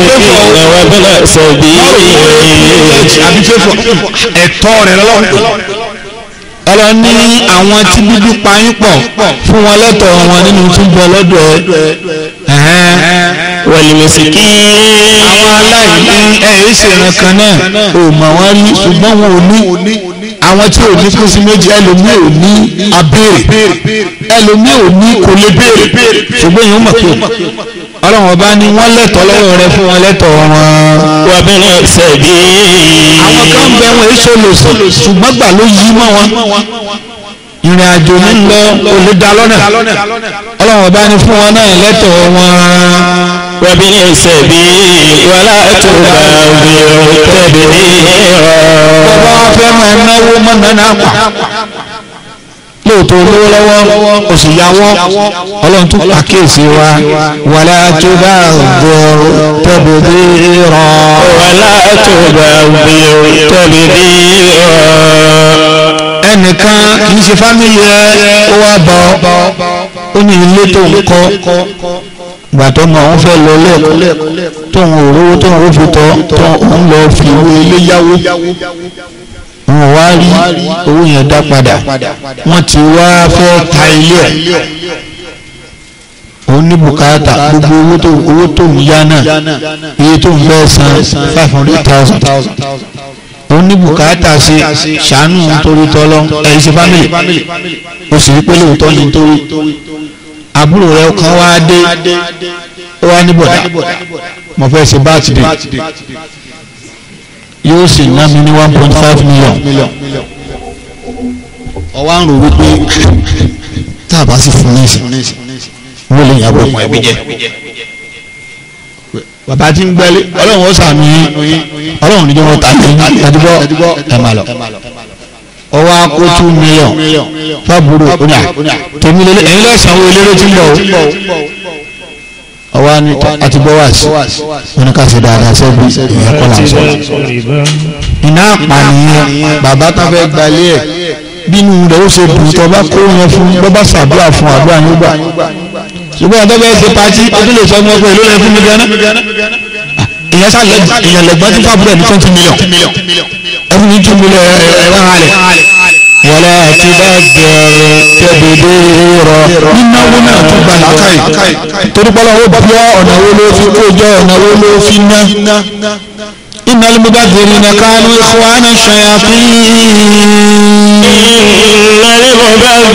ìrànwọ́ bẹ́ẹ̀ sọ bí ẹ̀tọ́ rẹ̀ lọ́wọ́ ọlọ ní àwọn tí bíbí payín pọ̀ fún wọn lẹ́tọ̀ọ́ wọn nínú túbọ̀ lọ́dọ̀ ẹ̀ wẹ̀lìmẹ̀sìkì àwọn aláìní ẹ̀ ẹ̀ ṣèrànkan náà ò mọ̀ wọ́n rí ṣùgbọ́n wọn ò ní àwọn tí ò ní kú sí méjì ẹlòmí ò ní abéèrè ẹlòmí ò ní kò lè béèrè ṣùgbọ́n èèyàn mọ̀ pé ọlọ́run ọba ni wọ́n lẹ́tọ̀ọ́ lọ́wọ́ rẹ fún wọn lẹ́tọ̀ọ́ wọn. wà á bẹ̀rẹ̀ ṣẹ̀dí. àwọn kan bẹ wọn èso lòsàn ṣùgbọ́n gbà ló yí mọ́ wọn. ìrìn àjò ń lọ olùdalọ́nà ọlọ́run ọba ni fún wọn náà lẹ́tọ̀ọ́ wọn. wà á bẹ̀rẹ̀ ṣẹ̀dí wàlá tó bá rí ọ̀tẹ̀bẹ̀rẹ̀ rọ. bàbá wa fẹ́ máa náwó mọ́nà náà pa lóòótọ́ olówó lọ́wọ́ kò sì ọlọ́run tún pàkíyèsí wa wàlá tó bá gbòòrò tẹ̀bù bí rọ. wàlá tó bá gbòòrò tẹ̀bù bí rọ. ẹnìkan kì í ṣe fámìlì rẹ ó wá bọ̀ ó ní ilé tó ń kọ́ ìgbà tó mọ òun fẹ́ lọ lẹ́ẹ̀kọ́ tóun ò rówó tóun ò fi tọ́ tóun ń lọ fi ilé yáwó wọn wá rí owó yẹn dá padà wọ́n ti wá fẹ́ ta ilé ẹ̀ òun ní bùkátà gbogbo owó tó owó tó ń yá náà iye tó ń fẹ́ san five hundred thousand òun ní bukata ṣe ṣàánú torí tọ́lọ́ ẹ̀yìn ṣe fámìlì o sì rí pé lóòótọ́ ni torí àbúrò rẹ kan wá dé ó wá ní bọ̀dá mo fẹ́ ṣe báàtì dé yóò sì ná mi ní one point five million ọwọ́ àrùn wípé tá a bá sì fún ní ìsìn wọ́n lè yàgò ọmọ ẹbí jẹ bàbá tí ń gbẹ́lé ọlọ́run ó sàmì yín ọlọ́run níjọ́ wọn tàbí ẹdúgbọ́ ẹ̀ máa lọ ọwọ́ akó two million fábùrù oníyà tèmi lélẹ̀ ẹ̀yin lọ́sàn-án wo eléré tí ń bọ̀ o ọwá ní àti bọ́wàsì wọn ká ṣe dáadáa sẹ́bi ìyẹn kọ́ la sọ. iná àpànìyàn bàbá tó fẹ́ gbalé ẹ̀ bínú rẹ̀ ó ṣe dùn tó bá kó yẹn fún bọ́bá ṣàdúrà fún àdúrà yín gbà. ṣùgbọ́n ọ̀dọ́ bẹ́ẹ̀ ṣe pati ó tún lè sọ ọmọ ọkọ ìlú rẹ̀ fún mi gan-an. ìyẹn sá ìyẹn lẹ́gbọ́n tí fábùrẹ̀ ní twenty million ẹ̀rù ní two million ẹ̀rọ wọ́lá ti bá bẹ̀rẹ̀ tẹ̀bẹ̀dẹ̀ rọ. nínáwó náà tún gba làákàyè torí pọ́lá ó bí ọ́ ọ̀nà wo ló fi kó jọ ọ̀nà wo ló fi ná. iná ló bá bẹ̀rẹ̀ ní kánú ikhwana shayatin. iná ló bá bẹ̀rẹ̀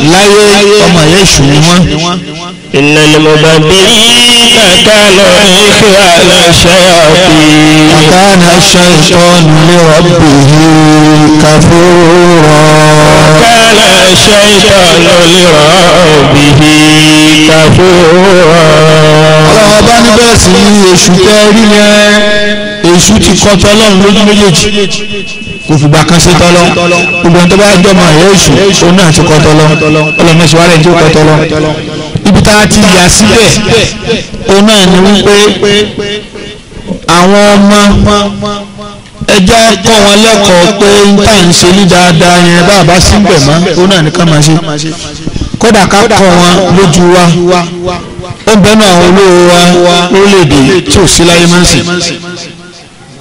ní kánú إن المبذرين كانوا إخوان الشياطين وكان الشيطان لربه كفورا وكان الشيطان لربه كفورا ọlọ́wọ́ bá ní bẹ́ẹ̀ sí ní èṣù tẹ́rí yẹn èṣù ti kọ́ tọ́lọ́run lójú méjèèjì kò fìgbà kan sí tọ́lọ́ gbogbo ẹni tó bá jọ mọ̀ èṣù òun náà ti kọ́ tọ́lọ́ ọlọ́mọ ìṣòwò rẹ̀ ti kọ́ tọ́lọ́ ibi tá a ti yà síbẹ̀ òun náà ni wípé àwọn ọmọ ẹjọ́ kọ́ wọn lẹ́kọ̀ọ́ pé n tá à ń ṣe ní dáadáa yẹn bá a bá síbẹ̀ mọ́ òun náà ni ká máa ṣe kódà ká kọ́ wọn lójú wa ó bẹ́nu àwọn olówó wa lórílẹ̀‐èdè tí ò sí láyé máa ń sìn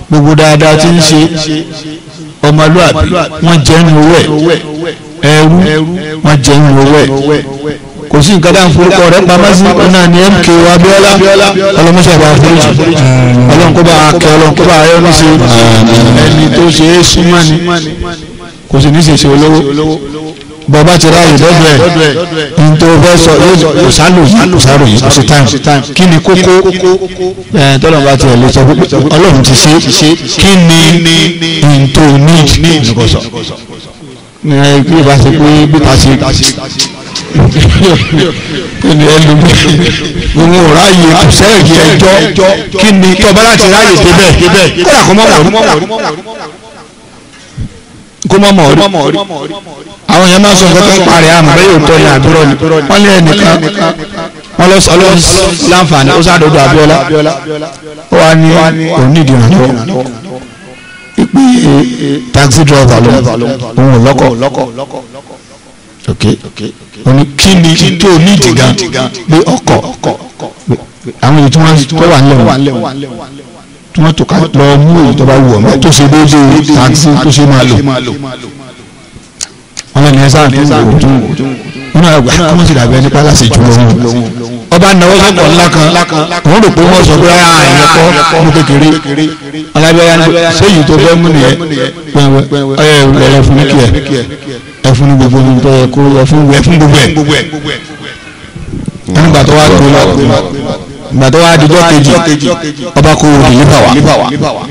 gbogbo dáadáa tí ń ṣe ọmọlúàbí wọ́n jẹ́ ń owó ẹ̀ ẹrú wọ́n jẹ́ ń owó ẹ̀ kò sí nǹkan dáhùn forúkọ rẹ pamọ́ sí ọ̀nà ní mk abiola ọlọ́mọṣẹ́ àbá a ọlọ́run kó bá a kẹ ọlọ́run kó bá a yọ ní ṣe ẹni tó ṣe é súnmọ́ ni kò sì ní ṣe ṣe olówó bàbá ti ráàyè lọ́dọ̀ ẹ̀ n tó fẹ́ sọ yóò sálò yìí sálò yìí kò sí táìmù kí ni kókó tọ́lọ̀ bá tiẹ̀ lè sọ ọlọ́run ti ṣe kí ni n tó ní ìdíkọ̀sọ̀ ní ẹ bí ìbá ṣe pé bí ta ṣe ẹni ẹlòmíì òun ò ráyè sẹ́ẹ̀kì ẹjọ́ kí ni tọ́ba láti ráyè débẹ̀ kódà kó mọ̀ mọ̀ kó mọ̀ mọ̀ àwọn yẹn máa sọ nǹkan tó parí àmọ́ bẹ́ẹ̀ yóò tọ́ ní àdúrà ni wọ́n lé ẹnìkan wọ́n lọ sọ láǹfààní ó sàdọ̀dọ̀ Abíọ́lá ó wà ní òní ìdìrànlọ́wọ́ ìpè taxi driver ló ń lọ́kọ̀ ok. okay ó ní kí ni tó nídìí gan pé ọkọ̀ àwọn èyí tí wọ́n tó wà nílẹ̀ wọn tí wọ́n tó ká lọ mú èyí tó bá wù ọ́ mẹ́tò ṣe déédéé táàkì tó ṣe máa lò wọ́n lẹ́nu ẹ̀ sáà tó ń wò tó ń wò nínú àgbà kọ́mọ́ sì dàbẹ́ nípa láti jù lóhùn ọba náwó sọ̀kọ̀ ńlá kan wọ́n rò pé wọ́n sọ pé ara àyàn kọ́ mú kékeré alábíyá sẹ́yìn tó fẹ́ mú nìyẹn pẹ́ẹ́wẹ́ ẹ̀ lọ́lẹ́ fún mi kí ẹ ẹ fún ní gbogbo ohun tó yẹ kó ẹ fún ẹ fún gbogbo ẹ nígbà tó wá gbé lọ nígbà tó wá dijọ́ kejì ọba kò wò nípa wa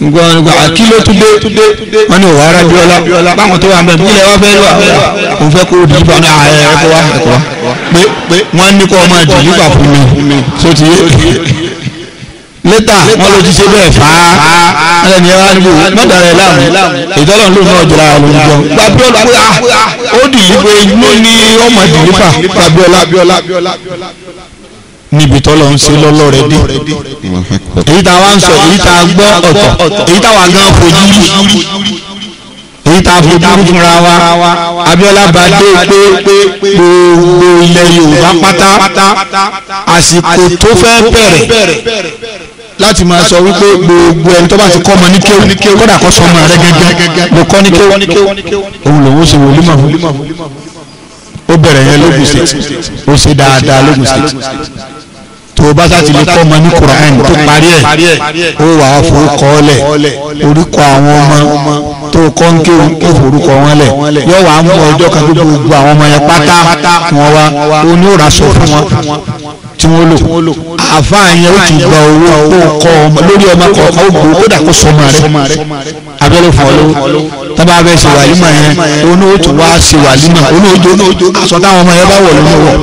ngbọ́n nígbà kí ló tún dé wọ́n ní òwò arábíọ́lá báwọn tó wà ń bẹ̀ nílẹ̀ wọ́n fẹ́ lọ òun fẹ́ kó di ibà ààrẹ ẹ̀kọ́ wa pé wọ́n ní kó ọmọ ẹ̀dùn nígbà fún mi tó ti yé lẹ́tà wọn ló ti ṣe bẹ́ẹ̀ fà á ẹ̀ ní ẹ̀rọ àdúgbò mẹ́ta rẹ̀ láàmú ìtọ́lọ̀ ló náà jọra àwọn ọmọ ìjọ gbàbíọ́lá ó dìlípé ló ní ọmọ ìdìlípà gbàbíọ́lá níbi tọ́lọ̀ ń ṣe lọ́lọ́ rẹ dé èyí tá a wá ń sọ èyí tá a gbọ́ ọ̀tọ̀ èyí tá a wà gan fojú rí èyí tá a fojú fúnra wa Abíọ́lá bá dé pé gbogbo ilẹ̀ Yorùbá pátá àsìkò tó fẹ́ bẹ̀rẹ̀ láti máa sọ wípé gbogbo ẹni tó bá ti kọ́ ọmọ ní kéwù kódà kọ́ sọ ọmọ rẹ gẹ́gẹ́ ló kọ́ ní kéwù òun lòun ṣe wòlíì mọ̀ ó bẹ̀rẹ̀ yẹn lógun state ó ṣe dáadáa lógun state tó o bá sáti lè kọ́ ọmọ ní Quran tó parí ẹ̀ ó wà á fowó kọ́ ọ lẹ̀ orúkọ àwọn ọmọ tó kọ́ńké ó forúkọ wọn lẹ̀ yóò wá mú ọjọ́ kan tó gbogbo àwọn ọmọ yẹn pátá wọn wá ó ní òrasọ fún wọn tí wọ́n lò àfáà yẹn ó ti gba owó kó kọ́ ọmọ lórí ọmọ kọ̀ọ̀kan ó gbó kódà kó sọmọ rẹ̀ abẹ́rẹ́ fún ọ lówó tábà bẹ́ẹ̀ ṣe wàlímà yẹn onú ó tún wá ṣe wàlímà onú ó jó aṣọ táwọn ọmọ yẹn bá wọ̀ lónìí wọ̀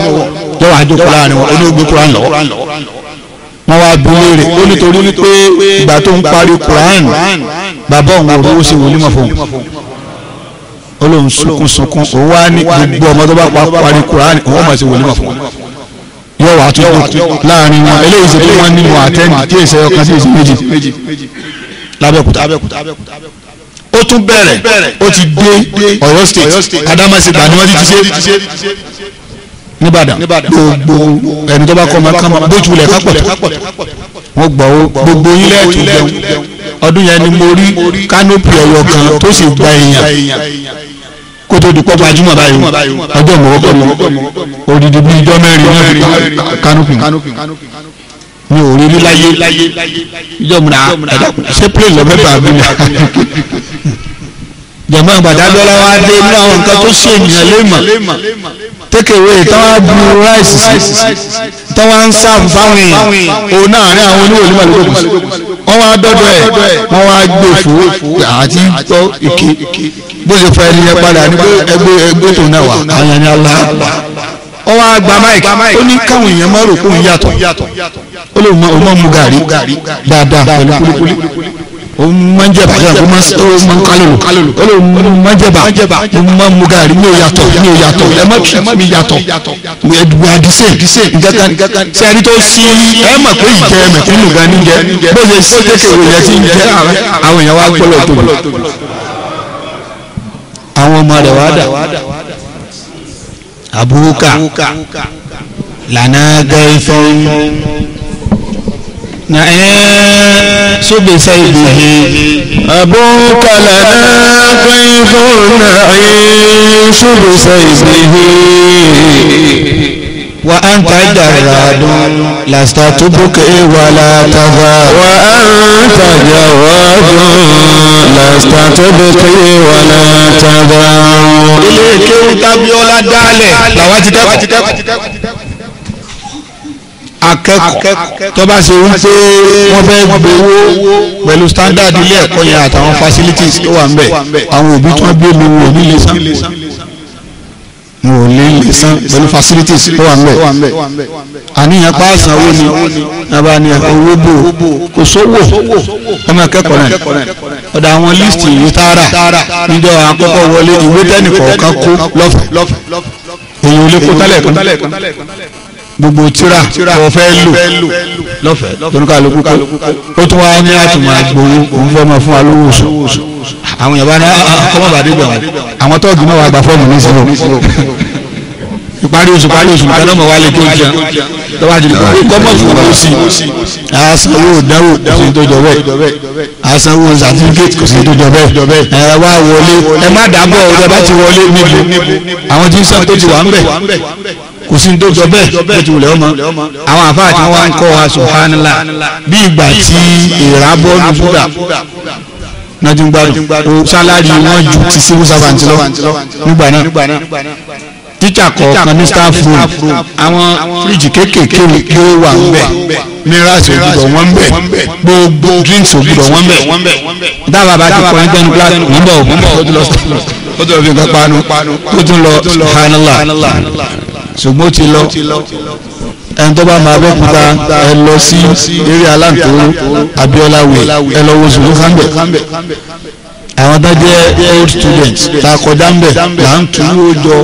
yóò wá jókòó láàrin wọn onú ó gbé kúrán lọ́wọ́ wọ́n wá bi léèrè ó nítorí pé ìgbà tó ń parí Quran bàbá òun ò rówó ṣe wòlímọ̀ fún un ó lóun sunkún sunkún òun wá ní gbogbo ọmọ tó bá parí Quran òun máa ṣe wòlímọ̀ fún un yóò wá tó kù láàrin wọn eléyìí ṣe pé wọn nínú àtẹnì tí èsè ọkàn sí èsè méjì lábẹ́kúta ó tún bẹ̀rẹ̀ ó ti dé Ọ̀yọ́ state Adámasìgbà ni wọ́n ti ti ṣe nìbàdàn gbogbo ẹni tó bá kọ́ ọmọ kama bójú lẹ̀ kápọ̀ mo gbọ́ gbogbo yín lẹ́ẹ̀tún jẹun ọdún yẹn ni mo rí kánópì ọ̀yọ́ kan tó sì gba èèyàn kótó dùpọ̀ gbajúmọ̀ báyìí ọjọ́ mọ̀ọ́kọ́ mi odidi bíi ijọ́ mẹ́rin náà kánópì mi ò rí rí láyé ijọ́ mi náà ẹ̀dá ṣé plane lọ mẹ́fà mi náà jẹ̀mọ́ ìgbàdá dọ́là wa dé nínú àwọn nǹkan tó ṣe ènìyàn léèmọ̀. Take away, tékèwé tọ́wá bu ráìsì tọ́wá ń sáàbù fáwọn èèyàn òun náà ní àwọn oníwòlú màlúkòkù wọ́n wá dọ́dọ̀ ẹ̀ wọ́n wá gbé fò àti tọ́ ike bó ṣe fọ ẹni yẹn padà ní ẹgbẹ́ ẹgbẹ́ tó náà wà àwọn ẹni alá wọ́n wá gba máìkì ó ní káwọn èèyàn má rò kó ń yàtọ̀ ó lè mọ mu gàrí dáadáa pẹ̀lú kúlíkúlí manjẹba yàrá ma ó ma ń kálòlò ó lè manjẹba mo ma mu gaari mi ò yàtọ̀ mi ò yàtọ̀ ẹ má tù mi yàtọ̀ mo yẹ dugu adise nkankan sẹ́ni tó sí ẹ mà pé ìjẹ́ ẹ̀mẹ̀ kúnnù gan ní jẹ́ bó ṣe sí kékeré yẹn ti ń jẹ́ àwọn èèyàn wa gbọ́dọ̀ tóbi àwọn ọmọ rẹ̀ wá dà àbúrúkà lànà gẹ́gẹ́ fún. نعيم بسيده أبوك لنا ضيف نعيش بسيده وأنت جراد لست تبكي ولا تغار وأنت جراد لست تبكي ولا تغار ilé kéwú tábíọ́lá dálẹ̀ làwọn ti dẹ́kọ̀ akẹ́kọ̀ọ́ tó bá ṣe wípé wọ́n fẹ́ gbowó pẹ̀lú standard ilé ẹ̀kọ́ yẹn àtàwọn facilities tó wà ń bẹ̀ àwọn òbí tí wọ́n gbé mi wò ní lẹ́sán wò ní lẹ́sán pẹ̀lú facilities tó wà ń bẹ̀ àníyàn pa àsanwó ni nàbà ni owó bò kò sówó ọmọ akẹ́kọ̀ọ́ náà ọ̀dà àwọn list ìlú tààrà níjọ àkọ́kọ́ wọlé ìwé tẹ́nìkọ̀ọ́kan kó lọ́fẹ̀ẹ́ èyí ò lè kó tálẹ̀ kan gbogbo tíra tó fẹ́ lò lọ́fẹ̀ẹ́ lóníkàlùkù ó tún wá ní àtùmọ̀ àgbòwò òun fẹ́ máa fún wa lówó oṣù àwọn yàrá ní ah, ah, kọ́mọ̀bàdé gbẹ̀wọ̀n àwọn tọ́ọ̀gì náà wà gba fọ́ọ̀mù ní ìṣòro ìparí oṣù parí oṣù nǹkan náà mọ̀ wálé tó jẹun lọ́wọ́ àjùlọ kọ́mọ̀ fún mi sí àsanwó ìdánwò kò sí tó jọ bẹ́ẹ̀ àsanwó certificate kò sí tó jọ bẹ́ẹ̀ ẹ wá wọlé ẹ má dàbọ̀ ọ̀rẹ́ bá ti wọlé níbo àwọn tí ń sàn tó ti wà ń bẹ̀ kò sí tó jọ bẹ́ẹ̀ bó ti wùlẹ̀ ọmọ àwọn àfáà tí wọ́n ń kọ́ wa subhanallah bí ìgbà tí ìrà bọ́ọ̀lù búdà nájú gbádùn o sálárì wọn ju ti civil servant lọ nígbà náà tíjà kọ̀ọ̀kan ní staff room àwọn fíríjì kéékèèké ló wà ńbẹ̀ minerals ògbùdọ̀ wọ́n ńbẹ̀ gbogbo drinks ògbùdọ̀ wọ́n ńbẹ̀ dábàá bá ti kọ́ ẹgbẹ́ nu glass wọ́n bọ̀ wọ́n bọ̀ ó lọ sí ó ti lọ fi nǹkan panu lọ subhanallah ṣùgbọ́n ó ti lọ ẹni tó bá máa bẹ́kúta ẹ lọ sí eré aláǹtóró abiola way ẹ lọ wo ṣùgbọ́n kánbẹ̀ àwọn tó old students ta kọjá ń là ń tu ó jọ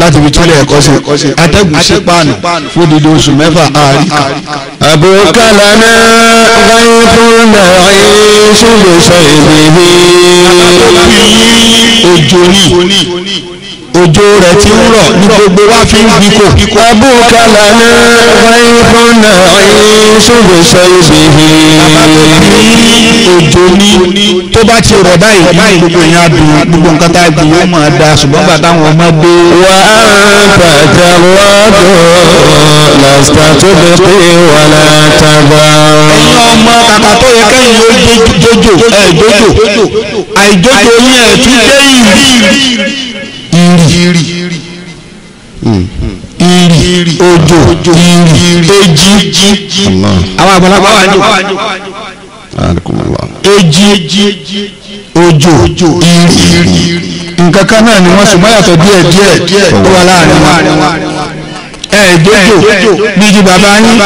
láti fi túlẹ̀ ẹ̀kọ́ sí atẹ́gùn sí páànù fún dídí oṣù mẹ́fà àárí kan. àbúkálà náà wáyé fún náà ṣùgbọ́n sọ èmi mi. àbúkálà náà ojú ní. Ojo rẹ̀ ti ń rọ̀ ní gbogbo wa fi ń bíkò. abúkà lànà fáìfọ́nà ìṣòro sọ ìbèbè. òjò ní tó bá ti rọ̀ báyìí gbogbo yẹn á dùn gbogbo nǹkan tá a dùn ó máa da ṣùgbọ́n bàtà àwọn ọmọ dé. wà á bàtà wọ́dọ̀ lásìkò tó bẹ pé wà látàgbà. ẹ̀yin ọmọ kàkà tó yẹ kẹ́yìn ó jójó ẹ̀ jójó àìjójó yẹn tún dé Iri, Iri, Iri, Ojo, Eji, ìrì òjò ìrì èjì àwọn àgbàlagbà wà ní èjì òjò ìrì nǹkan kan náà ni wọ́n sùn mọ́ yàtọ̀ díẹ̀ díẹ̀ tó wà láàrin wa ẹ̀ẹ́dójò bíi bàbá yín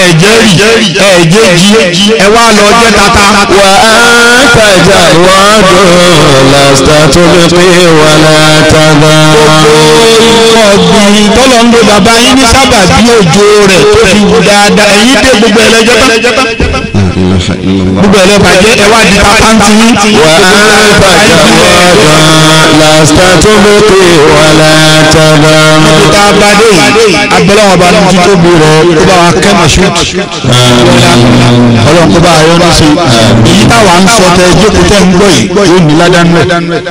ẹ̀ẹ́dẹ́rì ẹ̀ẹ́dẹ́jì ẹ wá lọ jẹ́ tata. wà á tàjà wọ́ọ̀dù lásìtà tó lè pé wà látàgbà. gbogbo ọ̀gbìn tọ́lọ̀ ń lo bàbá yín ní sábàbí òjò rẹ̀ tó fi dáadáa èyí dé gbogbo ẹlẹ́jọ́ tán gbogbo ẹ̀rọ bàjẹ́ ẹ̀wà di pàpáǹtì yín. wà á bàjẹ́ wọ́ọ̀dán làṣà tó lókè wàlá tàbá. níbi tá a bá dé yìí abẹ́rẹ́ wọn bá ní títóbi rẹ̀ tó bá wa kẹ́ mọ̀ṣúùtì. ọlọ́run tó bá ayọ́ ní ṣe èyí táwa ń sọ tẹ jókòó tẹ́ ń gbọ́ yìí yóò ní ládánú ẹ̀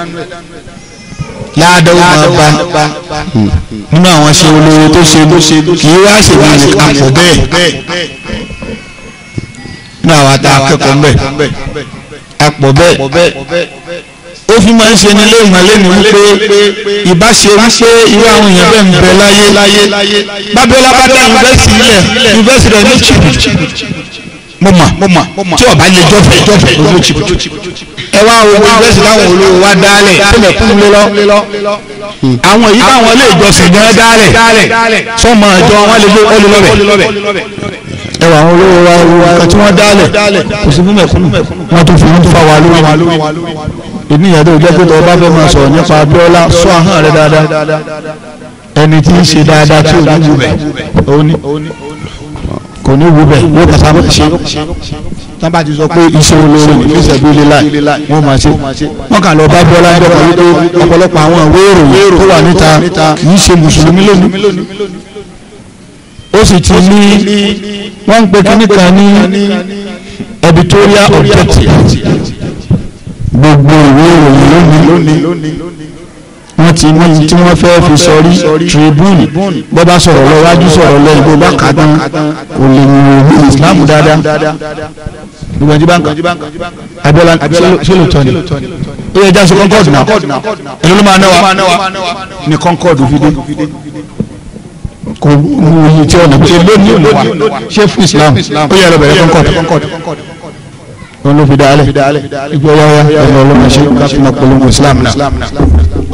láàdọ́wọ́ máa bá nínú àwọn ṣe olóró tó ṣe kì í wá ṣèlú àpò bẹ́ẹ̀ ní àwọn àti akẹ́kọ̀ọ́ mbẹ́ apọ̀ bẹ́ẹ̀ ó fi máa ń ṣe ní ilé ìmọ̀lẹ́ ni wípé ìbáṣe wípé irú àwọn èèyàn bẹ́ẹ̀ ń bẹ láyé bábíọ́lá bá dá yunifásitì ilẹ̀ yunifásitì rẹ̀ ní chìbù mo mọ̀ tí ọba lè jọ́fẹ̀ jọ́fẹ̀ lójú chìbù ẹ wá owó yunifásitì láwọn olówó wa dálẹ̀ sílẹ̀ fún mi lọ àwọn èyí táwọn ilé ìjọsìn gan dálẹ̀ sọmọ ìjọ wọn lè lọ bẹ̀ ẹwà àwọn olówó wa nǹkan tí wọ́n dálẹ̀ kò sí mímẹ̀ kúnnù wọ́n tún fi ń fa wa lórí ènìyàn tó jẹ́ pé tó bá fẹ́ máa sọ̀rọ̀ nípa Abíọ́lá sọ ahọ́n rẹ̀ dáadáa ẹni tí ń ṣe dáadáa tí ò ní wù bẹ̀ kò ní wù bẹ̀ yóò kàtà mọ̀ ṣe tán bá ti sọ pé iṣẹ́ olóore nísẹ̀bílẹ̀ láì wọ́n máa ṣe wọ́n kà lọ bá Bíọ́lá ń bọ̀ pẹ̀lú ọ̀pọ̀lọpọ̀ àwọn ìwé ìròyìn tó wà níta yìí ṣe mùsùlùmí lónìí ó sì ti ní wọ́n ń pe kíní kan ní editorial objective gbogbo ìwé ìròyìn lónìí wọ́n ti ní tí wọ́n fẹ́ fi sọrí tribune bó bá sọ̀rọ̀ lọ wájú sọ̀rọ̀ lẹ́yìn bó bá kà tán kò lè mú ìwé islam dáadáa gbogbo ẹni abiola sílò tọ́ni ó yẹ jáde concord náà èló ló máa náwa ní concord kò wòye tí ọ̀nà tí lónìí òun wa ṣé fún Islam ó yẹ lọ́bẹ̀rẹ̀ kọ́ńkọ́t wọn ló fi dálẹ̀ ìgbọ́ yáyá ẹ̀rọ ọlọ́mọ ṣe láti máa polongo Islam náà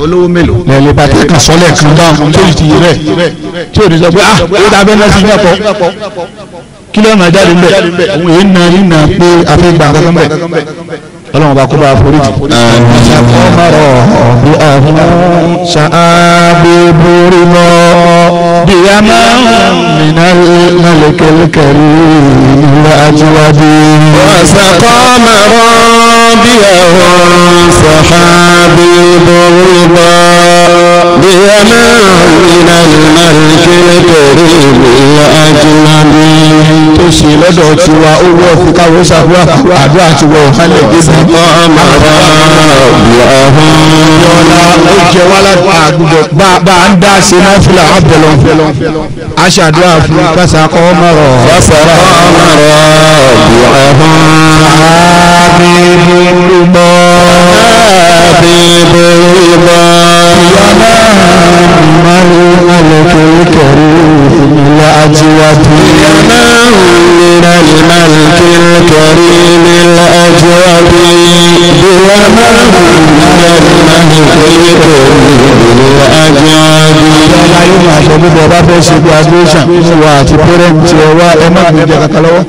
olówó mélòó lẹ́lẹ́ bàtà kan sọ́lẹ̀ kan dáhùn tó yìí ti yẹ rẹ̀ tí ò ní sọ pé ah ó dábẹ́ náà sí yàpọ̀ kí ló ń ra jáde ń bẹ̀ òun èyí na yín na pé afẹ́ gbàgbọ́ ń bẹ̀ ọlọ́run bá kó bá forí jì. ṣàkó mọ̀rọ̀ bí àwọn ṣàbí borí bí a máa ń mìíràn lálẹ́ kẹ́lẹ́kẹ́lẹ́ ìlú bí àwọn ṣàbí borí bí a máa ń mìíràn lálẹ́ kẹ́lẹ́kẹ́lẹ́ ń ṣe lọ́dọ̀ tiwa owó ọ̀fi káwọn ṣàdúrà àdúrà ti wọ ọ̀hánlẹ̀ débi. ọmọ ó jẹ wá láti àgùdọ̀ bá a ń dá ṣe náà fúlà á bẹ̀lọ̀ aṣàdúrà fún kásákọ́ mọ̀rọ̀. kásákọ́ mọ̀rọ̀ bí ọ̀hún. àbí bùbọ̀ àbí bùbọ̀. gbogbo ọba fẹ́ ṣe graduation wa àti parent ẹ wá ẹ má gbé jẹ kàkà lọ́wọ́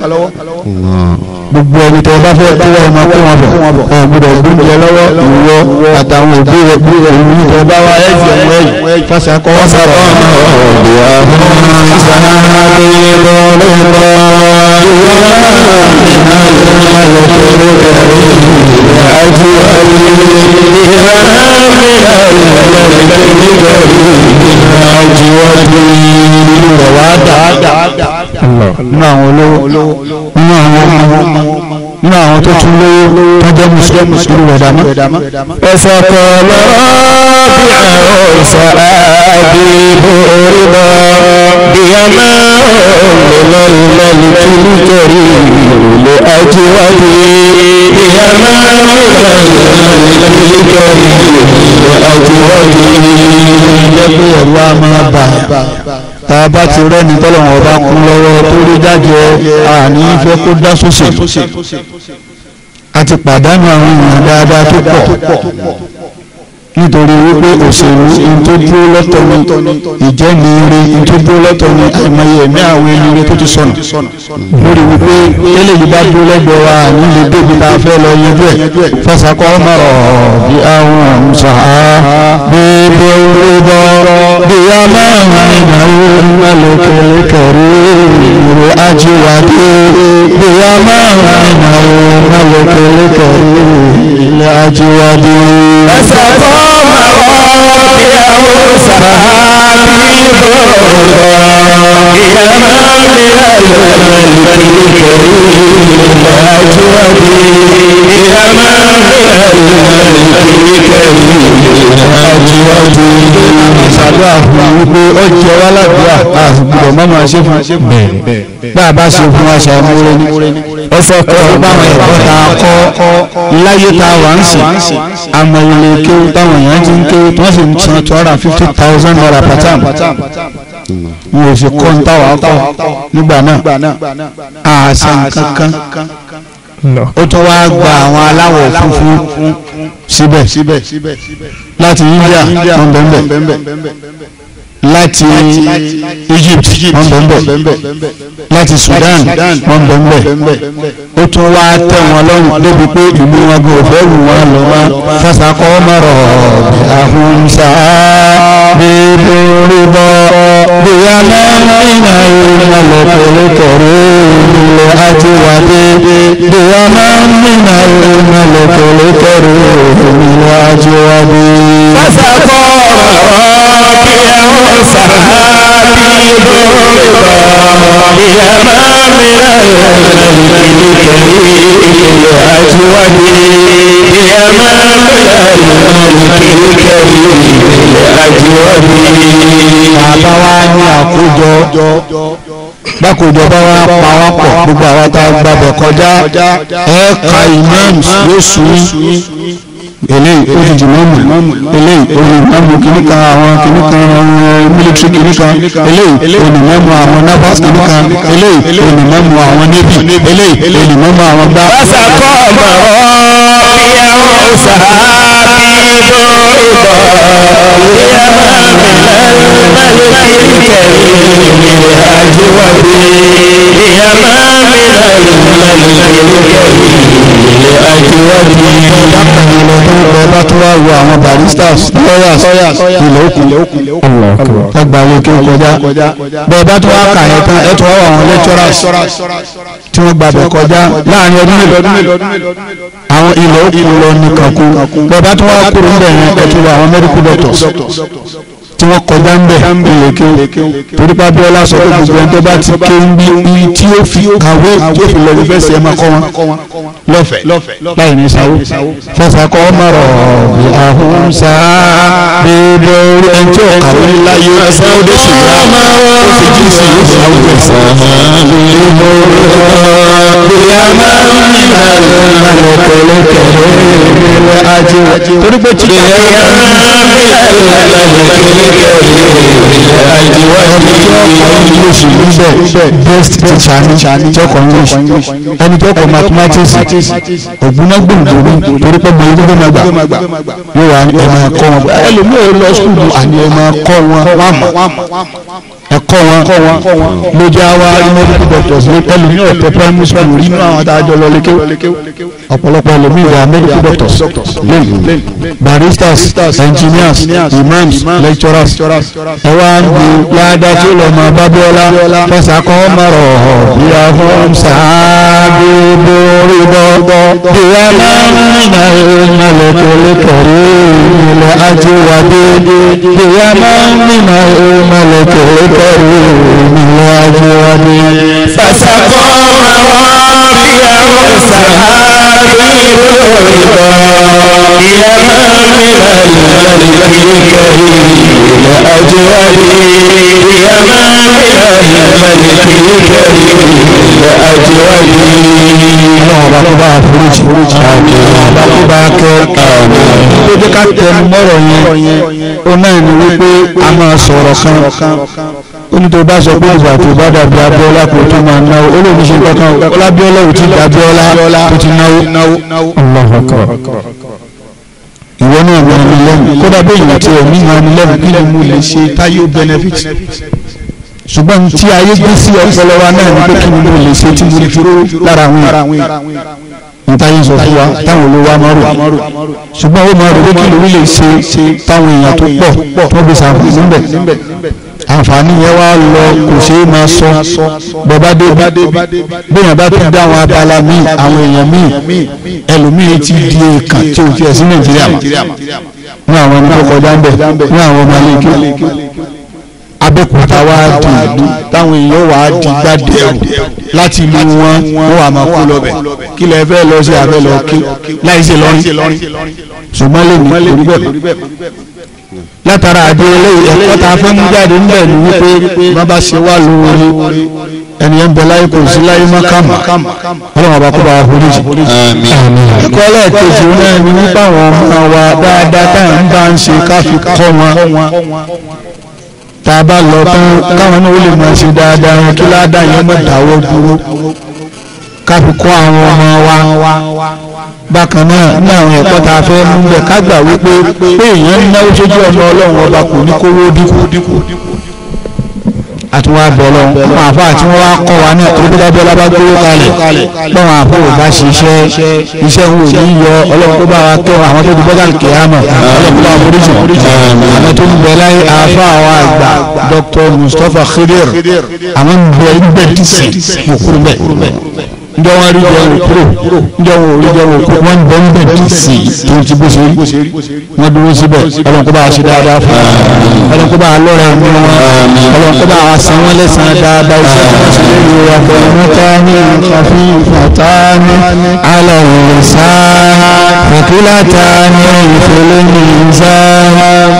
gbogbo ẹni tó bá fẹ́ tó ẹ máa kó wọn bọ̀ ẹ gbọ́dọ̀ gbóúnjẹ lọ́wọ́ ìwọ àtàwọn òbí rẹ bí rẹ ìlú tó bá wá ẹ jẹ ọmọ ẹ fàṣà kọ́ wọn sábà. ọ̀dọ̀ àwọn ọ̀dọ̀ àwọn ọ̀dọ̀ àwọn ọ̀dọ̀ nínú àwọn tó tún lówó tọ́jọ́ mùsùlùmí olùwẹ̀dàmọ́. ẹsẹ̀ kọ́ lọ́ọ́ bí àwọn ìsọ̀rọ̀ àbí orí bọ́. قيما من الملك الكريم لأجوده قيما من الملك الكريم لأجوده tàbá ti rẹ́ni tọ́lọ́wọ́n ọba kún lọ́wọ́ tó rí dájọ́ àní fẹ́ kó dá sósè a ti pàdánù àwọn èèyàn dáadáa tó pọ̀ nítorí wípé òṣèlú ntó dúró lọ́tọ̀ ni ìjẹ́niire ntó dúró lọ́tọ̀ ni àìmọye ẹ̀mí àwọn ẹniire tó ti sọnù lórí wípé eléyìí bá dúró lẹ́gbẹ̀ẹ́ wa nílé débi tá a fẹ́ lọ yanjú ẹ̀ fọsàkọ́ mọ̀rọ̀ bí àwọn ọ̀hún sàá bébè orí bọ́ọ̀rọ̀. قياما إنه الملك الكريم الأجود قياما إنه الملك الكريم الأجود فسقى مرابيه سحابيب قياما الملك الكريم الأجود قياما الملك الكريم ìrìnàjò ìṣàdúrà fún wípé ó jẹ wá ládùúrà àgbùdọ̀ mọ́mọ́ ṣe fún bẹ́ẹ̀ bá a bá ṣe fún aṣọ àmúre ní ó fẹ́ kọ́ báwọn ẹ̀kọ́ ta kọ́ láyé ta wà ń sìn àmọ́ ilé kéwú táwọn èèyàn ti ń kéwú tí wọ́n sì ń san two hundred and fifty thousand naira per term wọn ò fi kọ́ ń táwa kọ́ nígbà náà àṣà kankan ó tún wá gba àwọn aláwọ̀ funfun síbẹ̀ láti India wọn bẹ̀ẹ̀ bẹ̀ẹ̀ láti Egypt wọn bẹ̀ ńbẹ̀ láti Sudan wọn bẹ̀ ńbẹ̀ ó tún wá tẹ̀ wọn lọ́rùn débi pé ìlú wọn gbé òfé wù wọn lọ wá fásakọ́ mọ̀rọ̀ àhùnsá bíbí rúbọ bíyà mẹ́rin ìrìnà lọ́kọ̀ọ́lọ́ kẹ̀rẹ́ ìlú àti wàdé bíyà mẹ́rin ìrìnà lọ́kọ̀ọ́lọ́ kẹ̀rẹ́ ìlú àti wàdé. fásakọ́ mọ̀rọ̀. ربي سحابي بالرضا بأمام الملك الكريم الأجود بأمام الملك الكريم الأجود bàbá wa ní àkójọ bákòjọ bá wa pawọ́pọ̀ gbogbo àwọn tá a gbàgbọ́ kọjá ẹ̀ka imams yóò sùn eléyìí ó dìjì mọ́mù eléyìí olùmọ́mù kìnnìkan àwọn kìnnìkan military kìnnìkan eléyìí olùmọ́mù àwọn navas kìnnìkan eléyìí olùmọ́mù àwọn navy eléyìí olùmọ́mù àwọn gbà. wọ́n sàkọ́ ọ̀gbọ̀n ọ̀rọ̀ ìyàwó sàábì ló. ìgbà ọba tó wá wo àwọn baristas lawyers ilẹ̀ òkun ẹgbàwé tó kọjá bẹ́ẹ̀ bá tó wá kà yẹn tán ẹ̀ tó wá wọ àwọn lecturers tí wọ́n gbàgbẹ́ kọjá láàrin ọdún mélòó àwọn ilẹ̀ òkun lọ nìkan kú bẹ́ẹ̀ bá tó wá kúrò ń bẹ̀rẹ̀ ẹ̀ tó wọ àwọn medical doctors wọ́n kọjá ń bẹ̀ lẹ́kẹ́wò torí pa sọ pé gbogbo ẹni tó bá ti ké ń bí bí tí ó fi kàwé tó fi lọ fífẹ́ sí ẹ kọ́ wọn lọ́fẹ̀ẹ́ láì ní sáwó fọsàkọ́ mọ̀rọ̀ àhún sá bèbè orí ẹni tí ó kàwé láyé ẹsẹ̀ ó dé ṣùgbọ́n ó fi jí sí yóò fi láwùjọ ẹ̀sán bèbè orí torí pé tí kàwé yẹn ń bẹ̀rẹ̀ english níbẹ̀ best teacher ni jọ́kọ̀ english ẹni jọ́kọ̀ mathematics ògbónágbòǹgbò ní torí pé gbòǹgbò ló máa gbà yóò wá ẹ̀ máa kọ́ wọn ẹlòmíràn lọ sùkúlù àní ẹ̀ máa kọ́ wọn wàmà ẹ̀kọ́ wọn ló jẹ́ àwa medical doctors ló tẹ́lu ní ọ̀tẹ̀ primary school rí inú àwọn adájọ́ lọ lékè ọ̀pọ̀lọpọ̀ ẹlòmíì wà medical doctors lẹ́yìn baristas engineers imams lecturers ẹ wá ń bu ládàá tí ó lọ mọ abábíọ́lá fẹsàkọ́ mọ̀rọ̀ bí a fún sáábì borí bọ́ bí a máa ń rìn nàlẹ́ kọ́lé kọ́lé ilẹ̀ ajé wà dé bí a máa ń rìn nàlẹ́ kọ́lé kọ́lé. كريم وجود فسقى مواري السحاب الرضا إلى ما من الملك الكريم أجود إلى ما من الملك الكريم أجود رب فرج حكيم بكر آمين tó dé ká tẹnu mọ́rọ̀ yẹn ó náà ní wípé a máa sọ̀rọ̀ kan ó ní tó bá sọ pé ìgbà tó bá dàbí abiola kò tó máa náwó ó lè fi ṣe kankan ọlábíọ́lá ò ti dàbí tó ti náwó ọlọ́kọ̀ ìwọ náà mọ ẹni lẹ́nu kódà bẹ́ẹ̀ ìwà tí ẹ̀mí ìwà ẹni lẹ́nu kí ni mo lè ṣe táyé benefit ṣùgbọ́n tí ayé gbé sí ọpọlọ wa náà ni pé kí ni mo lè ṣe tí mo dúró lára àwọn èèyàn ntayin sọ fún wa táwọn olówó amárò ṣùgbọ́n ó máa rò pé kí lórí lè ṣe táwọn èèyàn tó pọ̀ tó fi ṣàǹfààní níbẹ̀ àǹfààní yẹn wá lọ kò ṣeé máa sọ bọba débi bóyàn bá ti dá àwọn abala míì àwọn èèyàn míì ẹlòmíì ti di èèkàn tí ò tiẹ̀ sí nàìjíríà mọ́ ní àwọn ẹni tó kọjá ń bẹ̀ ní àwọn ọmọ alẹ́ kí abẹ́kúta wá di ìlú táwọn èèyàn wà á di gbàdẹ̀rù láti ìlú wọn wọ́n wà máa kú lọ́bẹ̀ kí lẹ fẹ́ lọ sí abẹ́ lọ kí láì ṣe lọ́rin ṣùgbọ́n lè ní orí bẹ́ẹ̀ látara àdé eléyìí ẹ̀kọ́ tá a fẹ́ mú jáde ńbẹ̀ ni wípé bàbá ṣe wá lóore ẹnìyẹn bẹ láyé kò sí láyé má kàmà ọlọ́run ọba kó bá a forí ẹ̀kọ́ ẹlẹ́ẹ̀kejì náà ni wípé àwọn ọmọ wa dáadáa táyà ń bá ń ṣe ká kọ́ wọn tá a bá lọ tán káwọn náà ó lè máa ṣe dáadáa wọn kí ládàá yẹn mọ̀ dáwọ́ dúró ká fi kọ́ àwọn ọmọ wa bákan náà ní àwọn ẹ̀kọ́ tá a fẹ́ mú bẹ̀ ká gbà wípé pé èèyàn ń náwó sójú ọmọ ọlọ́run ọba kò ní kówó dínkù tí wọ́n á bẹ̀ lọ àwọn àfa àti wọ́n wá kọ́ wa náà torí bílẹ̀ bíọ́lá bá gbówó kalẹ̀ báwọn àfa ò bá ṣiṣẹ́ iṣẹ́ ń wò ọlọ́run tó bá wa tó àwọn tó ti bọ́ dàlù kìámọ̀ ọlọ́run bá wọlé jù àwọn tó ń bẹ láyé àfa àwọn àgbà Dr. Mustapha Khidir àwọn ń bẹ ń bẹ dísè kúrú bẹ́ẹ̀ njẹ́ wọ́n rí jẹ́ wọ́n kúrò njẹ́ wọ́n rí jẹ́ wọ́n kúrò wọ́n bọ́ níbẹ̀ tí sì tó ti bó ṣe rí dúró síbẹ̀ ọlọ́run kó dáadáa fún wọn ọlọ́run kó bá a wọn ọlọ́run kó wọn lẹ́sàn-án dáadáa iṣẹ́ tí wọ́n ṣe lórí ọkọ̀ mọ́tà ní kàfí fàtà ní alọ́run sá ìzá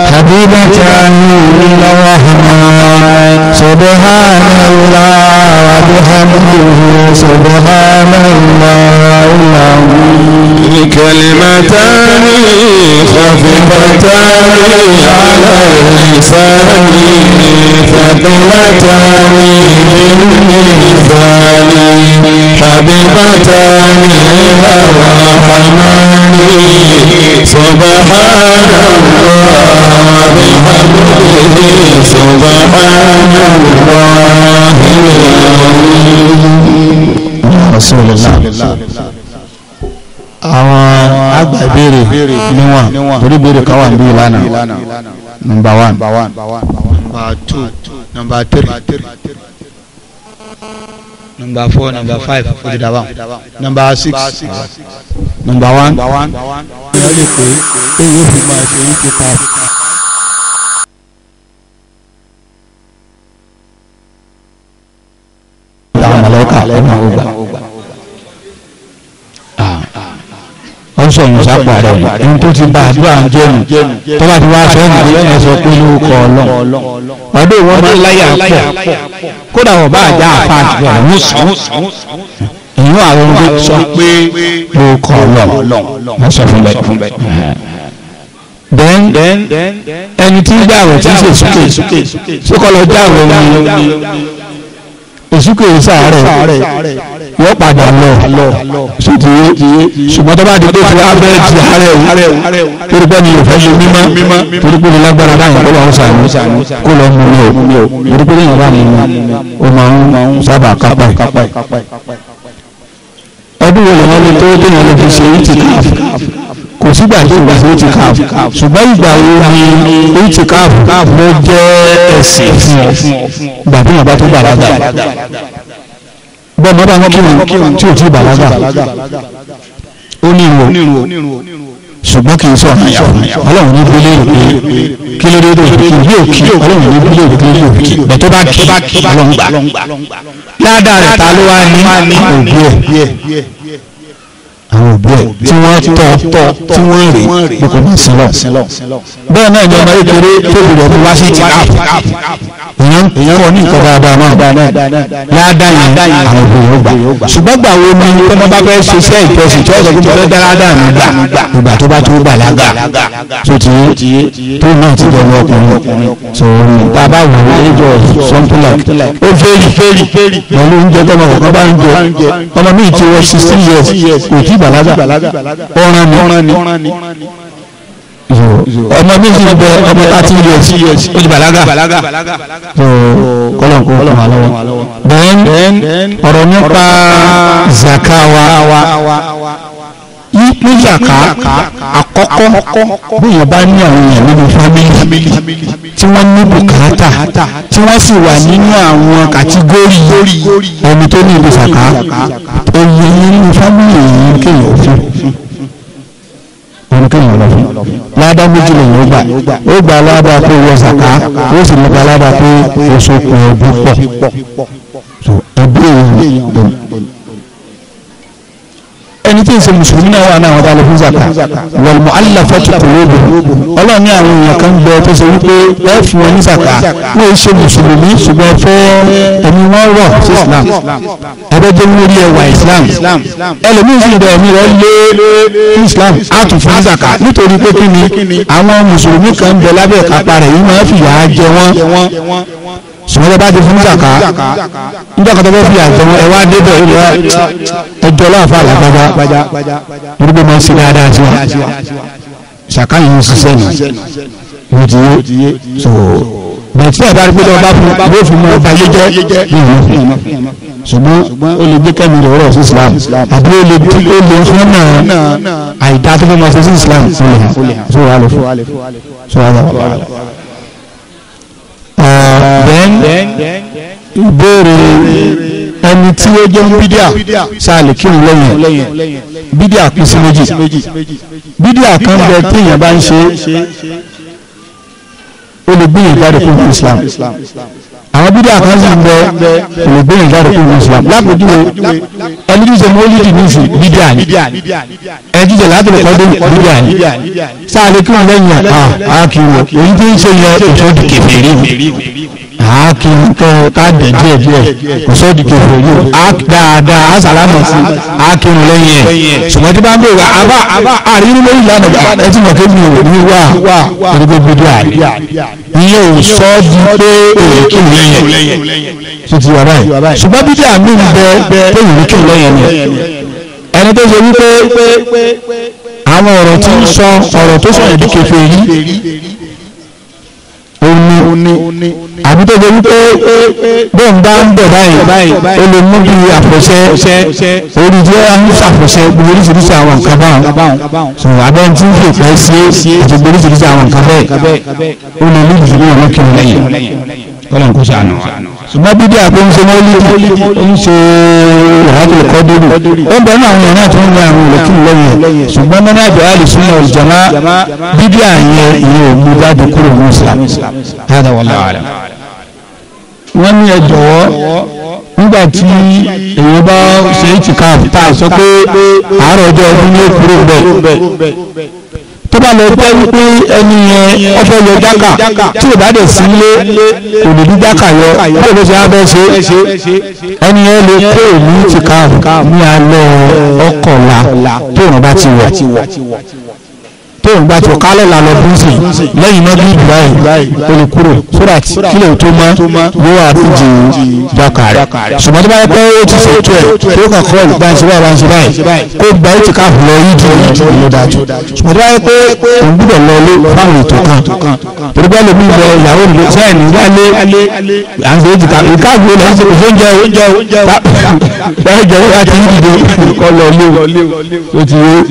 habibata ní ìlọ́wọ́ hàn sọ̀dọ̀ hàn ní ìlà كلام الله العظيم كلمتان خفيفتان على لساني ثقلتان بالميزان حبيبتان إلى الرحمن سبحان الله بحمده سبحان الله العظيم rasulillah àwọn àgbà ìbéèrè níwọ̀n torí ìbéèrè kan wà níbí ìlànà number one number two number three number four number five ó ti dàbà number six number one. ìyá lè pé pé yóò fi máa ṣe yín ti pa. àwọn mọ̀lẹ́kà lẹ́nu àwọn ọgbà. ń sọ̀yìn sápà rẹ̀ ní tó ti bá àdúrà ń jẹ́nu tó bá ti wá aṣọ ìlú yẹn sọ pé lórúkọ ọlọ́run ọdún ìwọ́n máa ń láyà pọ̀ kódà wọ́n bá àjà àfa àgbà ń sùn ìlú àwọn ọmọ sọ pé lórúkọ ọlọ́run wọ́n sọ fún bẹ́ẹ̀. then ẹni tí ń gbàwẹ̀ tí ń ṣe sókè sókè lọ jáwẹ̀ ni òsùkè sáà rẹ̀ wọ́n padà lọ ṣètì ṣùgbọ́n tó bá di pé fún abẹ́rẹ́dì ààrẹ o torí pé ní ìfẹ́ ṣe mímọ́ torí pé ní lágbára báyìí kó lọ́ọ́ sàánú kó lọ́ọ́ mú mi o torí pé ní ìyàrá mi o máa ń sábà kápá ẹ̀. ọdún wo làwọn ọmọ tó dénà lè fi ṣe itikaf kò sígbà tó ìgbà tó itikaf ṣùgbọ́n ìgbà wo ni itikaf ló jẹ́ ẹ̀sìn fún ọ gbàdúrà bá tó bàlágà bẹ́ẹ̀ ni wọ́n bá ń kírun tí ò tí ì bàlágà ó ní ìwò ṣùgbọ́n kì í sọ ọlọ́run ní bílẹ̀ rẹ̀ pé kí ló dé dé òkè bí òkè ọlọ́run ní bílẹ̀ rẹ̀ pé òkè bẹ̀tọ́ bá kí ọlọ́run gbà ládàá rẹ̀ ta ló wá ní òbí ẹ̀ àwọn òbí ẹ̀ tí wọ́n tọ́ tí wọ́n rè é kò ní sílọ̀ bẹ́ẹ̀ náà ìjọba ìkéré tóbi rẹ̀ fi wá sí tìkáàpù èèyàn kọ́ ní nǹkan dáadáa náà dáadáa yẹn àwọn obìnrin ó gbà ṣùgbọ́n gbà wo ni pé wọ́n bá fẹ́ ṣiṣẹ́ ìjọsìn tí wọ́n sọ pé mo fẹ́ dáadáa mi gbà ìgbà tó bá tó bàlágà tó ti tó náà ti jẹ́ ọkùnrin sọ̀rọ̀ ní bàbá wò ó ẹjọ́ something like ó fẹ́rì pẹ̀lú oúnjẹ tó máa kọ́ bá ń jẹ ọmọ mi ti wọ sixteen years kò tí bàlágà ọ̀ràn ni ọmọ méjì ń bẹ ọmọ thirty years ó ti bàlágà kọlọ̀ kó kọlọ̀ wà lọ́wọ́. bẹ́ẹ̀n ọ̀rọ̀ nípa zaka wa ní zaka àkọ́kọ́ bóyá bá ní àwọn èèyàn nínú fámìlì tí wọ́n ní bùkátà tí wọ́n sì wà nínú àwọn kàtígórì ẹni tó ní ìlú zaka òye nínú fámìlì yìí kéèyàn fún ẹni tó yàn lọ fún ládá méjì lèyìn ó gbà ó gbà ládá pé wọ sàká ó sì lọ ládá pé oṣù kan ọdún pọ̀ ẹbí èèyàn ẹni tí ń ṣe mùsùlùmí náà wà náà wọn dálé fún zaka wal mu'allafati qulubuhum ọlọ́run ní àwọn èèyàn kan gbọ́ tó ṣe wípé ẹ fi wọn ní zaka wọ́n ṣe mùsùlùmí ṣùgbọ́n fẹ́ ẹni wọ́n rọ̀ sí islam ẹgbẹ́ jẹ́ wọ́n rí ẹwà islam ẹlòmíín sì bẹ̀rẹ̀ mi rẹ̀ lé islam àtúnfún zaka nítorí pé kí ni àwọn mùsùlùmí kan bẹ lábẹ́ ìkápá rẹ̀ yìí máa fìyà jẹ wọ́n ṣùgbọ́n bá bá ti fún jàká níjàká tó bá fi àjọmọ ẹ wá débẹ̀ ìlú ẹjọ́ láàfà làgbájá lórí bí wọ́n ṣe dáadáa sí wa ṣàká yìí ń ṣiṣẹ́ nù yé so bẹ̀tí ẹ̀ bá rí pé tó bá fún bó fún mọ́ ọba yé jẹ́ ṣùgbọ́n ó lè gbé kẹ́mi rẹ̀ rọ̀ sí Islam àbí ó lè fún náà àìdá tó fún mọ́ sí Islam fún lè hàn so wà lọ fún so wà lọ fún then ìbéèrè ẹni tí ó jẹ́ bídíà sáàlì kírun lẹ́yìn bídíà kù sí méjì bídíà kan bẹ téèyàn bá ń ṣe olùgbìyànjú àdìkú Islam àwọn bídíà kan sì ń bẹ olùgbìyànjú àdìkú Islam lápòjúwe ẹni jíjẹ mọ́lídì nísì bídíà ni ẹni jíjẹ látòlù kọ́dún bídíà ni sáàlì kírun lẹ́yìn àkìrò èyí tí ń ṣe yẹ ètò ìdìkẹ̀fẹ̀ rí mi a kì í kẹ́ ká dẹ̀ díẹ̀ díẹ̀ kò sọ́ di kẹfẹ́ yìí a dáadáa a sàlámà sí a kì í lẹ́yìn ẹ̀ ṣùgbọ́n tí bá ń bèèrè àbá àbá àrírí lórí ìlànà ẹ ti mọ̀ pé mi ò ní wà gbogbo gbogbo àdé ìyẹn ò sọ di pé èrè kì í lẹ́yìn títí wà báyìí ṣùgbọ́n bídí àmì ń bẹ pé èrè kì í lẹ́yìn ni ẹni tó ṣe wípé àwọn ọ̀rọ̀ tí ń sọ ọ̀rọ̀ tó sọ ìdíkẹfẹ́ yìí ni àbí tó ṣe wípé bóun bá ń bọ̀ báyìí ó lè mú bí àfọ̀ṣẹ́ orí tí wọ́n ń ṣàfọ̀ṣẹ́ gbogbo oríṣiríṣi àwọn nǹkan báwọn sọ̀rọ̀ abẹ́rẹ́ tí ń fi ìpẹ́ sí àti gbogbo oríṣiríṣi àwọn nǹkan bẹ́ẹ̀ ó lè ní ìdílé ọ̀rọ̀ kí lẹ́yìn ọlọ́run kò ṣàánú wa. ṣùgbọ́n bíbí àpéǹsẹ̀ mọ́lídì ó ń ṣe ìwádìí ẹ̀kọ́ dórí ó ń bẹ̀rù àwọn ọ̀ràn tó ń gbé àwọn olùkí lẹ́yìn ṣùgbọ́n mọ́nà àjọ àlùsùn náà jama bíbí àyẹn ìyẹn ò mú jáde kúrò ní Islam hádà wallahu a'lam. wọ́n ní ẹ nígbà tí èèyàn bá ṣe é tìka tá a sọ pé àárọ̀ ọjọ́ ọdún ní òkúrò bẹ́ẹ̀ tó bá lọ jẹ́ wípé ẹni yẹn ọfẹ́ yọ jáka tí ìbádẹ̀ sí lé kò ní bí jáka yọ báwo ló ṣe á bẹ́ ṣe ẹni yẹn lè kó òní tìka ní alẹ́ ọkọ̀ọ̀la tó ìrànbá ti wọ̀ pé òun gbà tó kálẹ̀ lànà búùsì lẹ́yìn náà bí ibrahim olùkúrò sódà kílẹ̀ tó mọ́ yóò wà díje dàkà rẹ̀ ṣùgbọ́n tó bá yẹ pé ó ti ṣe ètò ẹ̀ tó kàn kọ́ ìbánisí báyìí báyìí báyìí kó gba ètò ká lọ yíjú ìlú dájú ṣùgbọ́n tó bá yẹ pé òun gbúdọ̀ lọ lé fáwọn ètò kan torí bẹ́ẹ̀ lómi lọ ìyàwó ìlú sẹ́yìn nígbà lé à ń ṣe èjì ká ìkáàgbé lọ sí oúnjẹ oúnjẹ oúnjẹ oúnjẹ láti yí ìdè kọ́ lọ lé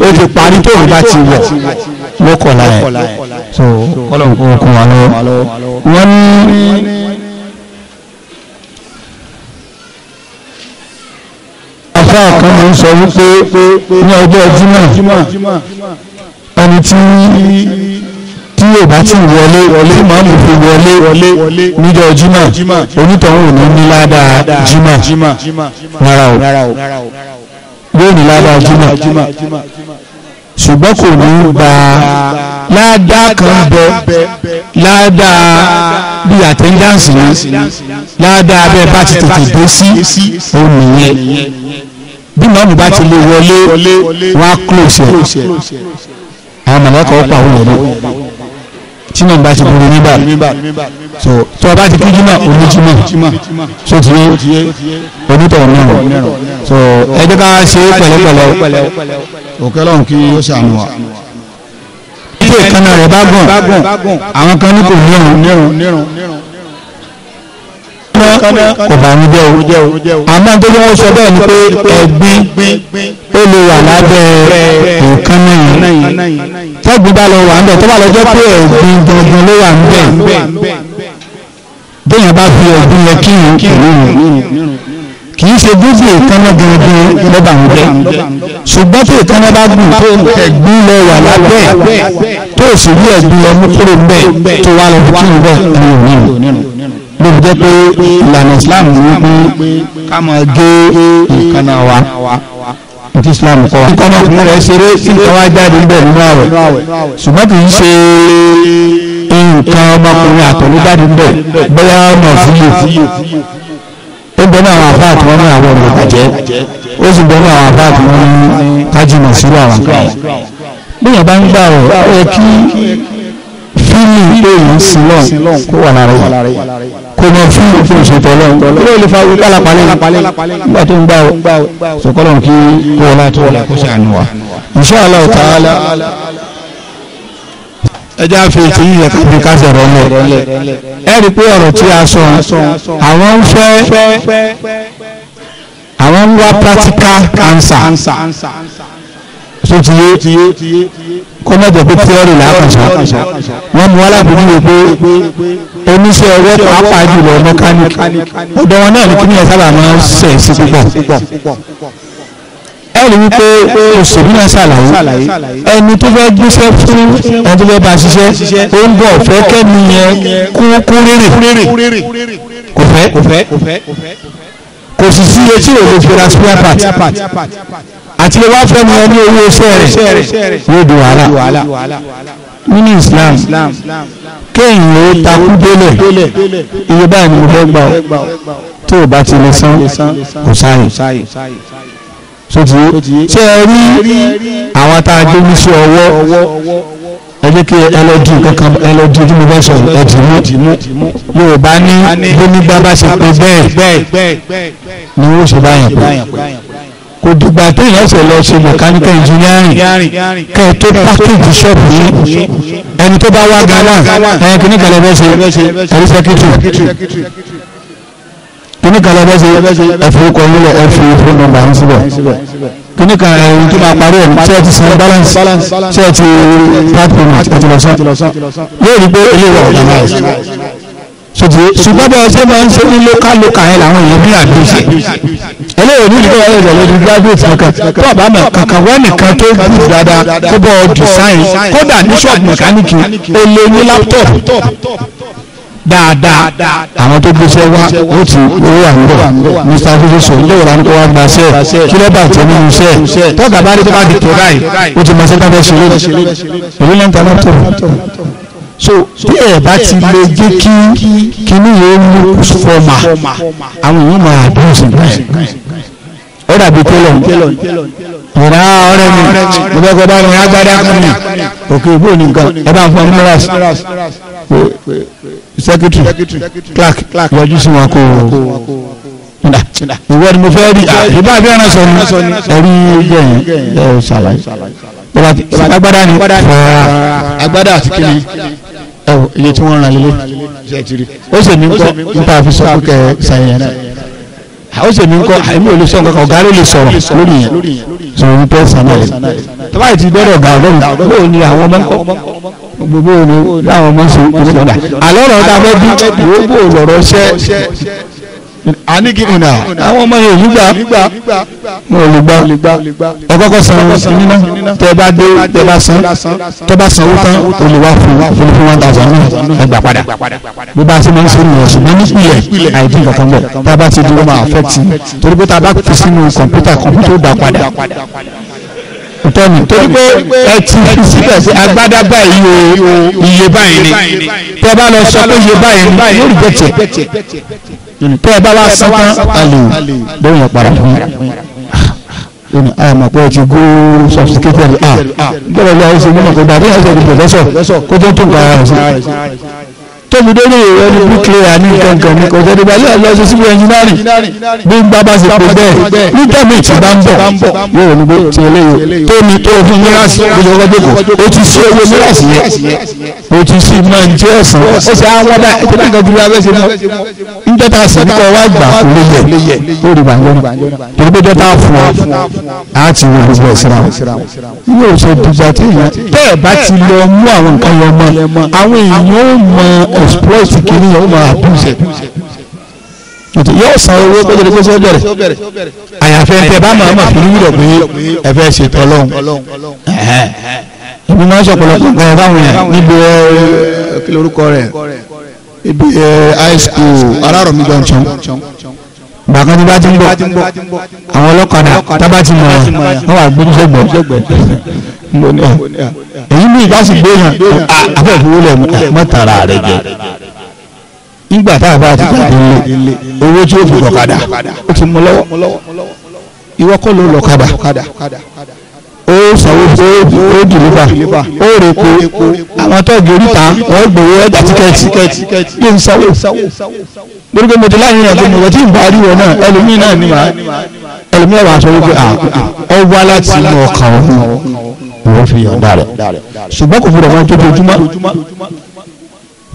o ti parí tó òun bá ti wọ̀ lọ́kọ̀ọ́lá ẹ̀ so kọ́lọ̀ kún wa lọ́wọ́ wọ́n ní. afa kan ló ń sọ wípé ní ọjọ́ jimá ẹni tí tí yóò bá ti wọlé tí màmú fi wọlé níjọ́ jimá onítọ̀hún ò ní ní ládàá jimá rárá o yóò ní ládàá jimá ṣùgbọ́n kò ní í gba ládàá kan bẹ ládàá bí àtẹ́ńdáǹsì ni ládàá bẹ́ẹ̀ bá ti tètè dé sí òun nìyẹn bí màmú bá ti lè wọlé wá close ẹ̀ àwọn mọ̀lẹ́kọ̀ọ́ pàwọn yẹn lọ tí náà bá ti borí nígbà so tó o bá ti kí jimá oníjimá so ti yé onítọ̀ mẹ́rin so ẹ jẹ́ ká ṣe pẹ̀lẹ́pẹ̀lẹ́ òkè lọ́hùn kí ó ṣàánú wa ilé ìkànnà rẹ̀ bá gùn àwọn kan ní kò nírun kò bá mi jẹ́ o àmọ́ tó bí wọ́n sọ bẹ́ẹ̀ ni pé ẹ̀gbin ó lè wà lábẹ́ ìkànnà yìí tẹ́gbìn bá lọ wà ń bẹ̀ tó bá lọ jẹ́ pé ẹ̀gbìn gangan ló wà ń bẹ̀ bẹ́ẹ̀ bá fi ẹ̀gbìn yẹn kírun kírun kì í ṣe gbogbo ìkànnà gangan lọ́ba ń bẹ̀ ṣùgbọ́n tó ìkànnà bá gùn tó ẹ̀gbìn lọ wà lábẹ́ tó sì rí ẹ̀gbìn lọ mú kúrò bẹ́ẹ̀ tó wà lọ fi kírun bẹ́ẹ̀ nínú ló fi jẹ́ pé ìlànà Islam ní wípé ká máa gé ìkànnà wa ti islam kọ́ ọmọkùnrin rẹ̀ ṣeré sí ìtọ́wá jáde níbẹ̀ nínú àwẹ̀ ṣùgbọ́n kì í ṣe nǹkan ọmọkùnrin àtọ̀lú jáde níbẹ̀ bóyá ọmọ fúyò ó bẹ ní àwọn afá àti wọn ní àwọn ọmọ bàjẹ́ ó sì bẹ ní àwọn afá àti wọn ní kájìmọ̀ sílẹ̀ àwọn kan bóyá bá ń gbà ọ ó yẹ kí fílì èyí sílọ̀ kó wà lára yìí kò mọ fún òfin òṣètò ọlọ́run ilé ìlú fa wípé alápalẹ̀ nígbà tó ń gbà ó sọkọlọ́run kí kó ọlá tó wọlé kó ṣe àánú wa insha Allah ta'ala ẹjẹ́ àfi ètò yìí yẹ káfí ká sọ̀rọ̀ lẹ̀ ẹ rí i pé ọ̀rọ̀ tí a sọ àwọn ń fẹ́ àwọn ń wá practical answer tó ti yé kọ́mọ̀jẹ̀ pé theory làákànṣá wọ́n mú alábòójú rẹ̀ pé oníṣẹ́ ọwọ́ pàápàá jùlọ mẹkáníkì ọ̀dọ̀ wọn náà ní kí ni ẹ sábà máa ń ṣe sí púpọ̀ ẹ rí i pé òṣèlú náà ṣàlàyé ẹni tó fẹ́ gbéṣẹ́ fún ẹni tó fẹ́ bá ṣiṣẹ́ ó ń bọ̀ fẹ́ kẹ́mi yẹn kúrúkú rírì kò fẹ́ kò sì sí etí òfin fira spare part àti wá fẹ́ mu ẹni owó iṣẹ́ rẹ̀ yóò di wàhálà nínú Islam kéèyàn ó takú délẹ̀ iye báyìí ni mo fẹ́ gbà ọ́ tó o bá ti lè san kò sáyè sotí ṣé ẹ rí àwọn tá a gbé ní sí ọwọ́ ẹ jẹ́ kí ẹlọ́dì kankan ẹlọ́dì ojú mi bá sọ ẹ̀dì mú Yorùbá ní gbónígbá bá ṣe pé bẹ́ẹ̀ ni wọ́n ṣe báyàn pé kò dìgbà téèyàn ṣe lọ ṣe mechanical engineering kẹ ẹ tó package shop yìí ẹni tó bá wá gánà ẹ kíní kan lè fẹ́ ṣe ẹ̀rí sẹ́kítì kíní kan lè fẹ́ ṣe ẹ̀fọ́kọ̀ nílẹ̀ ẹ̀fọ́ ìfọ́ nọ́mbà ń síbẹ̀ kíní kan ẹ̀rí tó máa parí ẹ̀ ṣe ti san balance ṣe ti part payment ẹ̀tìlọ́sán yóò rí pé ilé ìwà ọ̀gá náà ṣùgbọ́n bá ọṣẹ máa ń ṣe ní lókàlókà yẹn làwọn èèyàn bí àdúṣe eléyìí ní ìgbà ẹ̀rọ lórí graduate nìkan tó ọba mọ kankan wọ́n nìkan tó gbù dáadáa kó bọ́ design kódà ní shop mechanic ó lé ní laptop dáadáa àwọn tó gbéṣẹ́ wá ó ti owó àmúrò mr fífíṣọ ilé ìwòrán kó wá gba ṣẹ́ kílẹ̀bà tí ó ń ṣẹ́ tọ́gà bá rí tó bá di tó báyìí ó ti mọ̀ sí káfẹ́ ṣeré ìrírí lẹ́ńtà laptop so bí ẹ bá ti lè jẹ́ kí kíní yẹn mú fọmà àwọn èèyàn máa dùn sí bẹ́ẹ̀ ó dàbí tẹ́lọ̀ ìrà ọ̀rẹ́ mi mo fẹ́ kọ́ bá mi agbada kan mi òkè ìbò nìkan ẹ bá ń fọ mìíràn secretary clerk yọjú sí wọn kó ìwọ ni mo fẹ́ rí ah, ìbá bí ẹran sọ ni ẹ̀rí gẹ̀yìn ẹ̀ ṣàlàyé agbada ni agbada àti kìnnìún ẹ o iye tí wọ́n ràn lélẹ̀ ó sì mí kọ́ nípa àfi sọ pé kẹ sàyẹn náà ó sì mí kọ́ èmi ò lè sọ nǹkan ọ̀gá ló lè sọ̀rọ̀ lórí yẹn sọ̀rọ̀ ní pẹ́ẹ́sì náà lè tọ́ba yìí ti dọ́dọ̀ ọ̀gá ọlọ́run bó ni àwọn ọmọ ńkọ́ gbogbo ni láwọn ọmọ ń ṣe ìṣẹ̀dá àlọ́ ọ̀rọ̀ ọ̀dà bẹ́ẹ̀ bí wọ́n bó lọ̀rọ̀ ṣẹ́ àníkìkùn náà àwọn ọmọ yẹn olùgbà mo olùgbà ọkọkọ san nínú tẹ bá dé tẹ bá san tẹ bá san owó tán olùwà fún fún fún one thousand náà ẹ gbà padà bí bá a ti máa ń sọ̀rọ̀ ọ̀sùn ní ìpìlẹ̀ àìdí kankan bọ̀ tá a bá ti dúró máa fẹ́ ti torí pé tá a bá fi sínú kọ̀ǹpútà kọ̀ǹpútà ó dà padà tọ́nù torí pé ẹ ti fi síbẹ̀ sí agbádá báyìí o iye báyìí ni tẹ́ bá lọ sọ pé iye báyìí ni yóò rí bẹ́tẹ̀ tó ẹ bá wá sọ́kàn alè lóyún ọ̀pára fún yìí àmọ́ pé o ti gó sophisticated a gbọ́dọ̀ lọ́wọ́ sí mímọ̀ kó dàbí ẹ̀sẹ̀ kò pẹ̀lẹ́sọ̀ kó tó tó nǹkan ara tóbi délé ìrẹ́ ní bricklayer ní nǹkan ní kò tẹ́lẹ̀ balẹ̀ ọlọ́sẹ̀ síbi ẹnjìnárì bí n bá bá ṣe pè bẹ́ẹ̀ ní tẹ̀mí ìtì bá ń bọ̀ yóò ní bó ti eléyìí tómi tó fún mírasì ojú ọkọ dòkò o ti sí owó mírasì yẹn o ti sí máa ń jẹ́ ẹ̀sán ó ṣe àwọn ọba ìtọ́jú nǹkan jùlọ abẹ́ ṣe mọ́ ń dọ́ta sí ní kọ́ wá gbà kó lè yẹ ó rí bàjẹ́ náà torí pé dọ́ta fún ọ á ti wo gbogbo ìsira wọn yóò ṣe dùgbà tí èèyàn tẹ́ẹ̀ bá ti lọ mú àwọn nǹkan lọ mọ́ àwọn èèyàn ó mọ exploit kìíní yẹn ó máa abuse tòtò yóò san owó gbẹdẹdẹ gbẹdẹ sọ bẹ̀rẹ̀ àyàfẹ́ ẹ̀fẹ́ bá màmá fi wúlò pé ẹ̀fẹ́ ṣètò ọlọ́run ibi máa ń ṣọ̀pọ̀lọpọ̀ gan báwọn yẹn níbi kí lorúkọ rẹ̀ ibi high school arárọ̀ mi gan tán bàkan tí bá ti ń bọ̀ àwọn ọlọ́kadà tábà ti mọ̀ ọ́ wà gbẹ́dúgbẹ́gbẹ́ Ah, èyí ní ìbá sì gbé yàn afẹ́fowó ah, lẹ̀ mọ́tara ah, rẹ̀ jẹ nígbà tá a bá ti jáde nílé owó tí ó fi lọ́kadà ó ti mú lọ́wọ́ ìwọ kọ́ ló lọ́kadà ó sanwó ó dìlífà ó rèpo àwọn tọ́ọ̀gì oríta wọ́n gbowó ẹ̀dá tíkẹ́ẹ̀tì bí n sanwó gbogbo mo ti láyé yẹn tó mo wọ́n ti ń bá rí wọn náà ẹlòmíín náà ni màá ẹlòmíín wàá sọ wípé ọ wá láti inú ọkàn ọ̀hún ni wọ́n fi yọ̀ǹda rẹ̀ ṣùgbọ́n kò gbọdọ̀ máa jó dojúmọ́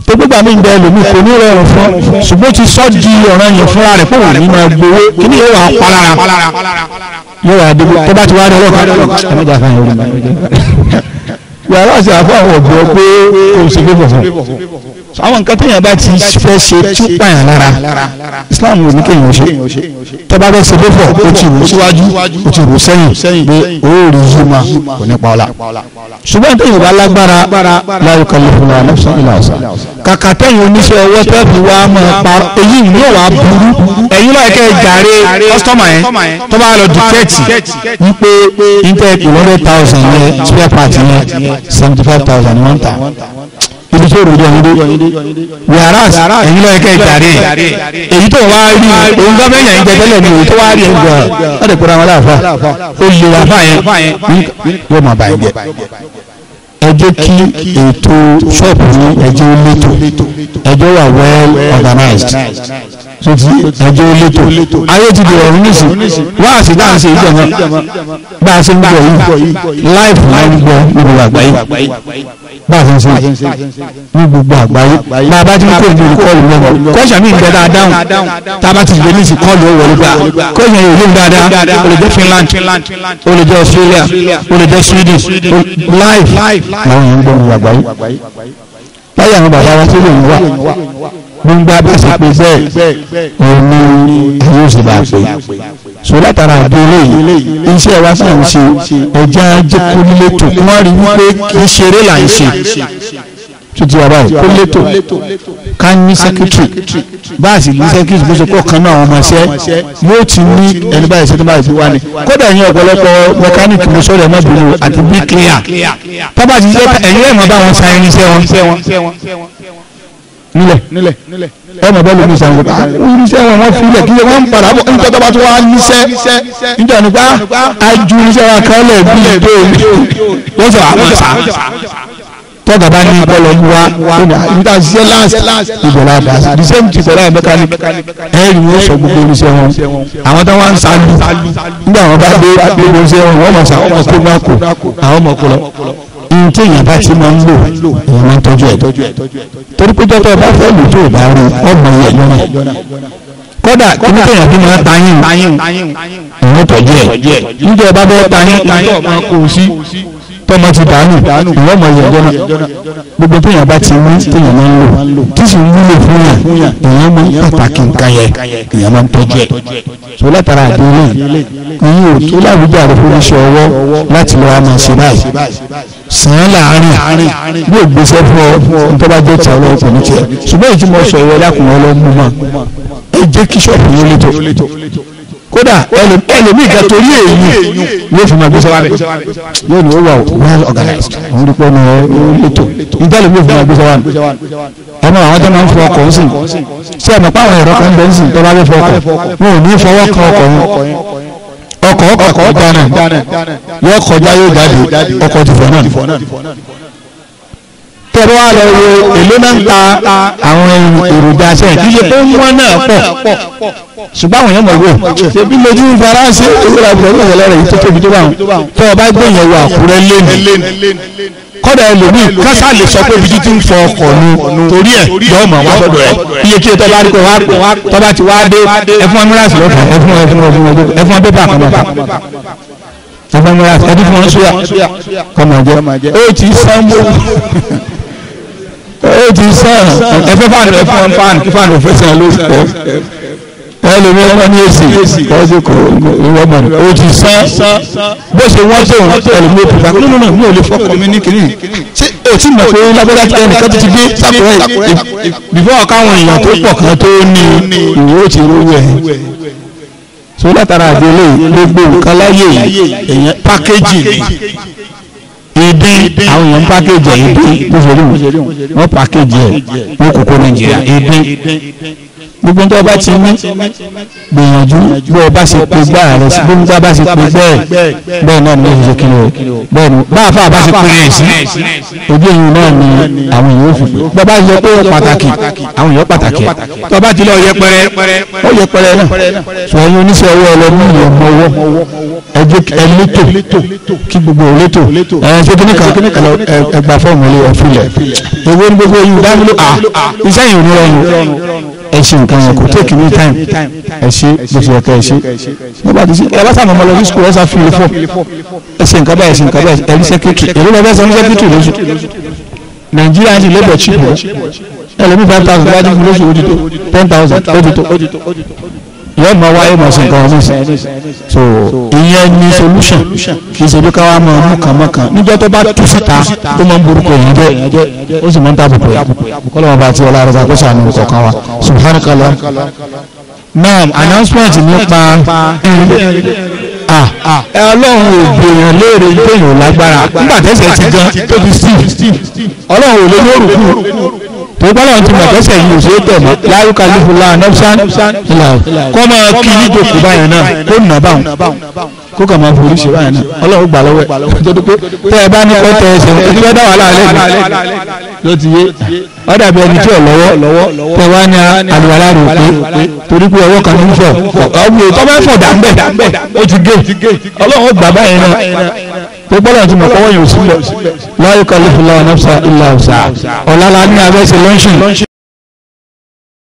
tó gbégbà mí bẹ lómi kò ní rọrùn fún ṣùgbọ́n ti sọ di ọ̀ràn yẹn fúnra rẹ̀ pé wà ní máa gbowó kí ni yóò wà palára yóò wà débi tó bá ti wá ní ọlọ́kan ẹ má jà fún àwọn olùmọ̀ yàrá àti àfọ àwọn òbí pé kò sí pé fọ̀fọ̀ àwọn nǹkan téèyàn bá ti fẹ́ ṣe tún pààyàn lára islam ò ní kéèyàn ṣe tọ́ba bẹ́ẹ̀ ṣe bẹ́fọ̀ ó ti rò síwájú ó ti rò sẹ́yìn pé òórì yìí máa kò ní pa ọ́ la ṣùgbọ́n téèyàn bá lágbára la yukallifullahu nafsan illa wus'aha kàkà téèyàn oníṣẹ́ ọwọ́ tẹ́ẹ̀fì wa mọ̀ pa èyí ìlú wa burú ẹ̀yin náà kẹ́ ẹ jàre kọ́sítọ́mà yẹn tọ́ba lọ dùkẹ́ẹ̀tì wípé intanet one hundred thousand yẹn spare part yẹn seventy five thousand one ta ibi tí òròjọ yín dé yàrá ẹ̀yin lọ́yẹ kẹ́ ìjàre èyí tó wá rí òun gbọ́ mẹ́yìn àyíjẹ tẹ́lẹ̀ ni èyí tó wá rí ẹ̀gbọ́n láti kóra wọn láàfà ó lè àfà yẹn yóò máa bà yín jẹ ẹ jẹ́ kí ètò ṣọ́ọ̀bù ní ẹjẹ́ létò ẹjọ́ wà well organized tó ti ẹjọ́ létò ayé ti di ọ̀run nísì wá àti dáhùn sí ìjọba bá a ṣe ń gbọ̀ yìí láìpù náà ń gbọ́ gbogbo àgbáyé bá a ṣe ń ṣe ní gbogbo àgbáyé bá a bá ti ń kó ìdí kọlù mẹ́wọ̀ kọ́ṣà mi ìgbẹ́ dáadáa dáhùn tá a bá ti lè ní ìsìn kọlù ó wọlé gbà kọ́ṣà yìí ò lè dáadáa ó lè jẹ́ Finland ó lè jẹ́ Australia ó lè jẹ́ Sweden life làwọn èèyàn ń gbọ́ gbogbo àgbáyé láyé àwọn bàbá wa tó lè wá gbogbo abẹ́sẹ̀ pé bẹ́ẹ̀ òun ni àwọn òṣèlú àpè so látara àdúró yìí iṣẹ́ wa sì ń ṣe ẹja jẹ́kúlétò wọ́n rí wípé kì í ṣeré là ń ṣe tuntun wa báyìí kúlétò ká ní sẹ́kítírì báàsì ní sẹ́kítírì bó ṣe kọ́ kan náà ọmọ ṣẹ́ yóò ti ní ẹni báyìí ṣe tó báyìí fi wá ni kódà ẹ̀yin ọ̀pọ̀lọpọ̀ mẹkáníìkì mo sọ̀rọ̀ ẹ̀mọ́ bìnú àti bí kílíà tábà ti ṣe ẹ̀yin ẹ̀mọ́ bá wọn sa irinṣẹ́ wọn nílẹ̀ ẹ mọ̀ bẹ́ẹ̀ lómi sàn kópa ah, irinṣẹ́ wọn wọ́n filẹ̀ kí wọ́n ń padà bọ̀ nítorí tọ́ba tó wá níṣẹ́ nítorí nípa ah, aju irinṣẹ́ wa kan lẹ̀ bí ìdó mi wọ́n sọ àwọn sà tọ́jà bá ní bọ́ọ̀lù wa níta ah, ṣiṣẹ́ last ìbọ̀lá àdá the same ti bọ̀lá àbẹ́ká ni ẹ̀rì wọ́n sọ gbogbo irinṣẹ́ wọn àwọn tó wá ń salu nígbà wọn bá dé gbogbo irinṣẹ́ wọn wọ́n mọ̀ sà wọ́n mọ̀ kó má kó àwọn mọ̀ kó lọ tí èèyàn bá ti máa ń lò èèyàn máa ń tọ́jú ẹ̀ torí pé jọ́tọ̀ bá fẹ́ lò tó o bá rí ọmọ yẹn lọ́nà kódà kíní kéèyàn bí máa tayín èèyàn tọ́jú ẹ̀ níjọba bá tayín níjọba kò sí tọmọ ti dànù ìwọ ọmọ yẹn jọna gbogbo téèyàn bá ti mú téèyàn máa ń lò tí sì ń wúlò fún yàn èèyàn máa ń pàtàkì nǹkan yẹn èèyàn máa ń tọ́jú ẹ̀ tó látara àdéhùn ìyí ò tó láwùjọ àròkọ oníṣẹ́ ọwọ́ láti lọ́wọ́ máa ṣe báyìí sàn án láàárín yóò gbèsè fún ọ nítorí bá jẹ́ tiẹ̀ ọlọ́wọ́ pẹ̀lú tiẹ̀ ṣùgbọ́n ìtumọ̀ sọ ìwé lákùnrin ọlọ́mú mọ́ ẹ jẹ́ kí ṣọ́ọ̀bù yẹn létò kódà ẹlòmíì ga torí èyí yóò fi máa gbé sọ́wọ́ rẹ̀ yóò ní ó wà well organized àwọn olùkọ́ ọmọ rẹ̀ lẹ́tọ̀ ìjà lèmi ò fi máa gbé sọ́wọ́ rẹ̀ ọmọ àwọn tó máa ń fọ ọkọ̀ ń sìn sí ẹ̀mọ́ pàwọn ẹ̀rọ kan bẹ́ẹ̀ ń sìn tó bá fẹ́ fọ ọkọ̀ wọn ò ní fọwọ́ kan ọkọ̀ yẹn ọkọ̀ ọkọ̀ dáná yóò kọjá yóò jáde ọkọ̀ tìfọ̀ náà tẹ́rọ wá lọ wo èlé náà ń ta àwọn èròjà ṣe kí ṣe pé wọ́n náà pọ̀ ṣùgbọ́n àwọn èèyàn mọ̀ wò ṣebí lójú faransé ìwúra ìbùdó ọ̀sẹ̀ lẹ́rẹ̀ yìí tó tóbi tó bá wọn tó o bá gbé yẹn wo àkúrẹ́ lẹ́nu kọ́dà ẹlòmíì kásá lè sọ pé bíi ti ń fọ ọkọ̀ nu torí ẹ̀ yọ̀ọ́ mọ̀ wá sọ́dọ̀ ẹ̀ iye kí tọ́ba rí pé wá tọ́ba ti wá dé ẹfún amúrásì lọ́fà ẹfún ẹfún ẹfún ẹfún abébà kan lọ́fà ẹfún amúrásì ẹdí fún wọn sóyà kọ́mọ̀ jẹ́ ó ti sanwó ó ti sàn ẹfẹ fáànù ẹfẹ fáànù kí fáànù òfin sàn ló pọ ẹlòmí ọmọ ní èsì ọjọ kò ìwọ mọ ó ti sàn bó ṣe wọn tó ẹlòmí ó pèsè àkókò náà mi ò lè fọkàn mi ní kiri ṣé o ti mọ̀ pé lágbádá ti ẹnì kan ti gbé sàkóyè bífọ́ káwọn èèyàn tó pọ̀ kan tó ní ìwé ó ti rówó ẹ̀ so látara àdéhùn gbogbo nǹkan láyé èèyàn pákéjì ìdín àwọn èèyàn ń pákéjì ẹ̀ ìdín bó ṣe rí wọn wọ́n pákéjì ẹ̀ wọ́n kókó nàìjíríà ìdín gbogbo tó bá ti ní gbìyànjú bó bá ṣe pé gbá rẹ sí gbogbo tó bá ṣe pé bẹ́ẹ̀ bẹ́ẹ̀ náà ni oṣù kìnnì o bẹ́ẹ̀ ni bá àfa bá ṣe pé rẹ sí ojú ìyún náà ni àwọn èèyàn fi pé bá bá ṣe pé pàtàkì àwọn èèyàn pàtàkì tó bá ti lọ yẹpẹrẹ ó yẹpẹrẹ náà ṣùgbọ́n ẹni oníṣẹ́ ọwọ́ ọlọ́mú ìyẹn mọ ọwọ́ ẹlẹ́tò kí gbogbo ẹlẹ́tò ẹ̀ ṣe kíní ẹgbà fọ́ọ̀mù ilé ọ̀fìlẹ̀ ewé gbogbo yìí dáhùn ẹ ṣe nǹkan yẹn kò take any time ẹ ṣe bó ti yẹ ká ẹ ṣe ẹ bá ti ṣe ẹ bá sàmì ọmọ lọ sí school ẹ sá fìlè fọ ẹ ṣe nǹkan báyìí ẹ ṣe nǹkan báyìí ẹ ní secretary èló lọ́wọ́ ẹ̀sán ní secretary lóṣù nàìjíríà ní labour chip rẹ ẹ lómi five thousand wájú fún lóṣù ó ti tó ten thousand ó ti tó yọ̀ọ́ mọ̀ wáyé mọ̀ sí nǹkan ọ̀hún sí so ìyẹn ni solution kì í ṣe bí káwá mọ ọmú kan mọ kan níjọ́ tó bá tú síta tó máa ń borúkọ yìí jẹ ó sì máa ń dábòbò yìí kọ́lọ́ wọn bá ti ọlá rẹ̀ ṣàkóso àná ìkọ̀kan wa subhanakala naam announcement nípa ah, ah. ẹ ọlọ́run ò gbèyàn léèrè gbèyàn lágbára nígbà tẹ́sẹ̀ ti gan tóbi steve ọlọ́run ò lè lórúkú tòbọ́lọ̀ ti mọ̀ tẹ́sẹ̀ yìí òṣèré tẹ̀mọ́ láyúkà lífúlá nọ́fṣán kọ́ máa kí ní jòkó báyẹn náà kó nà báwọn kó kà máa forí ṣe báyẹn náà ọlọ́run gbà lọ́wọ́ ẹ̀ tó dúpẹ́ tẹ́ ẹ bá ní kọ́ tẹ ẹsẹ̀ ẹ ti fẹ́ dá wàhálà alẹ́ ló ti yé ọ̀dà bí ẹni tí ò lọ́wọ́ tẹ wá ní àlùwàlá rò pé torí pé ọwọ́ kan ń fọ̀ ọ̀gbìn tó bá fọ̀ dà ń bẹ̀ ó ti gé ọlọ́run gbà báyẹn náà gbọ́dọ̀ tí mo kọ́wọ́ yóò sílẹ̀ láyé kọlífù lọ́wọ́ nọ́fṣà ìlà ọ̀sà ọ̀làlá ní abẹ́sẹ̀ lọ́ńṣìn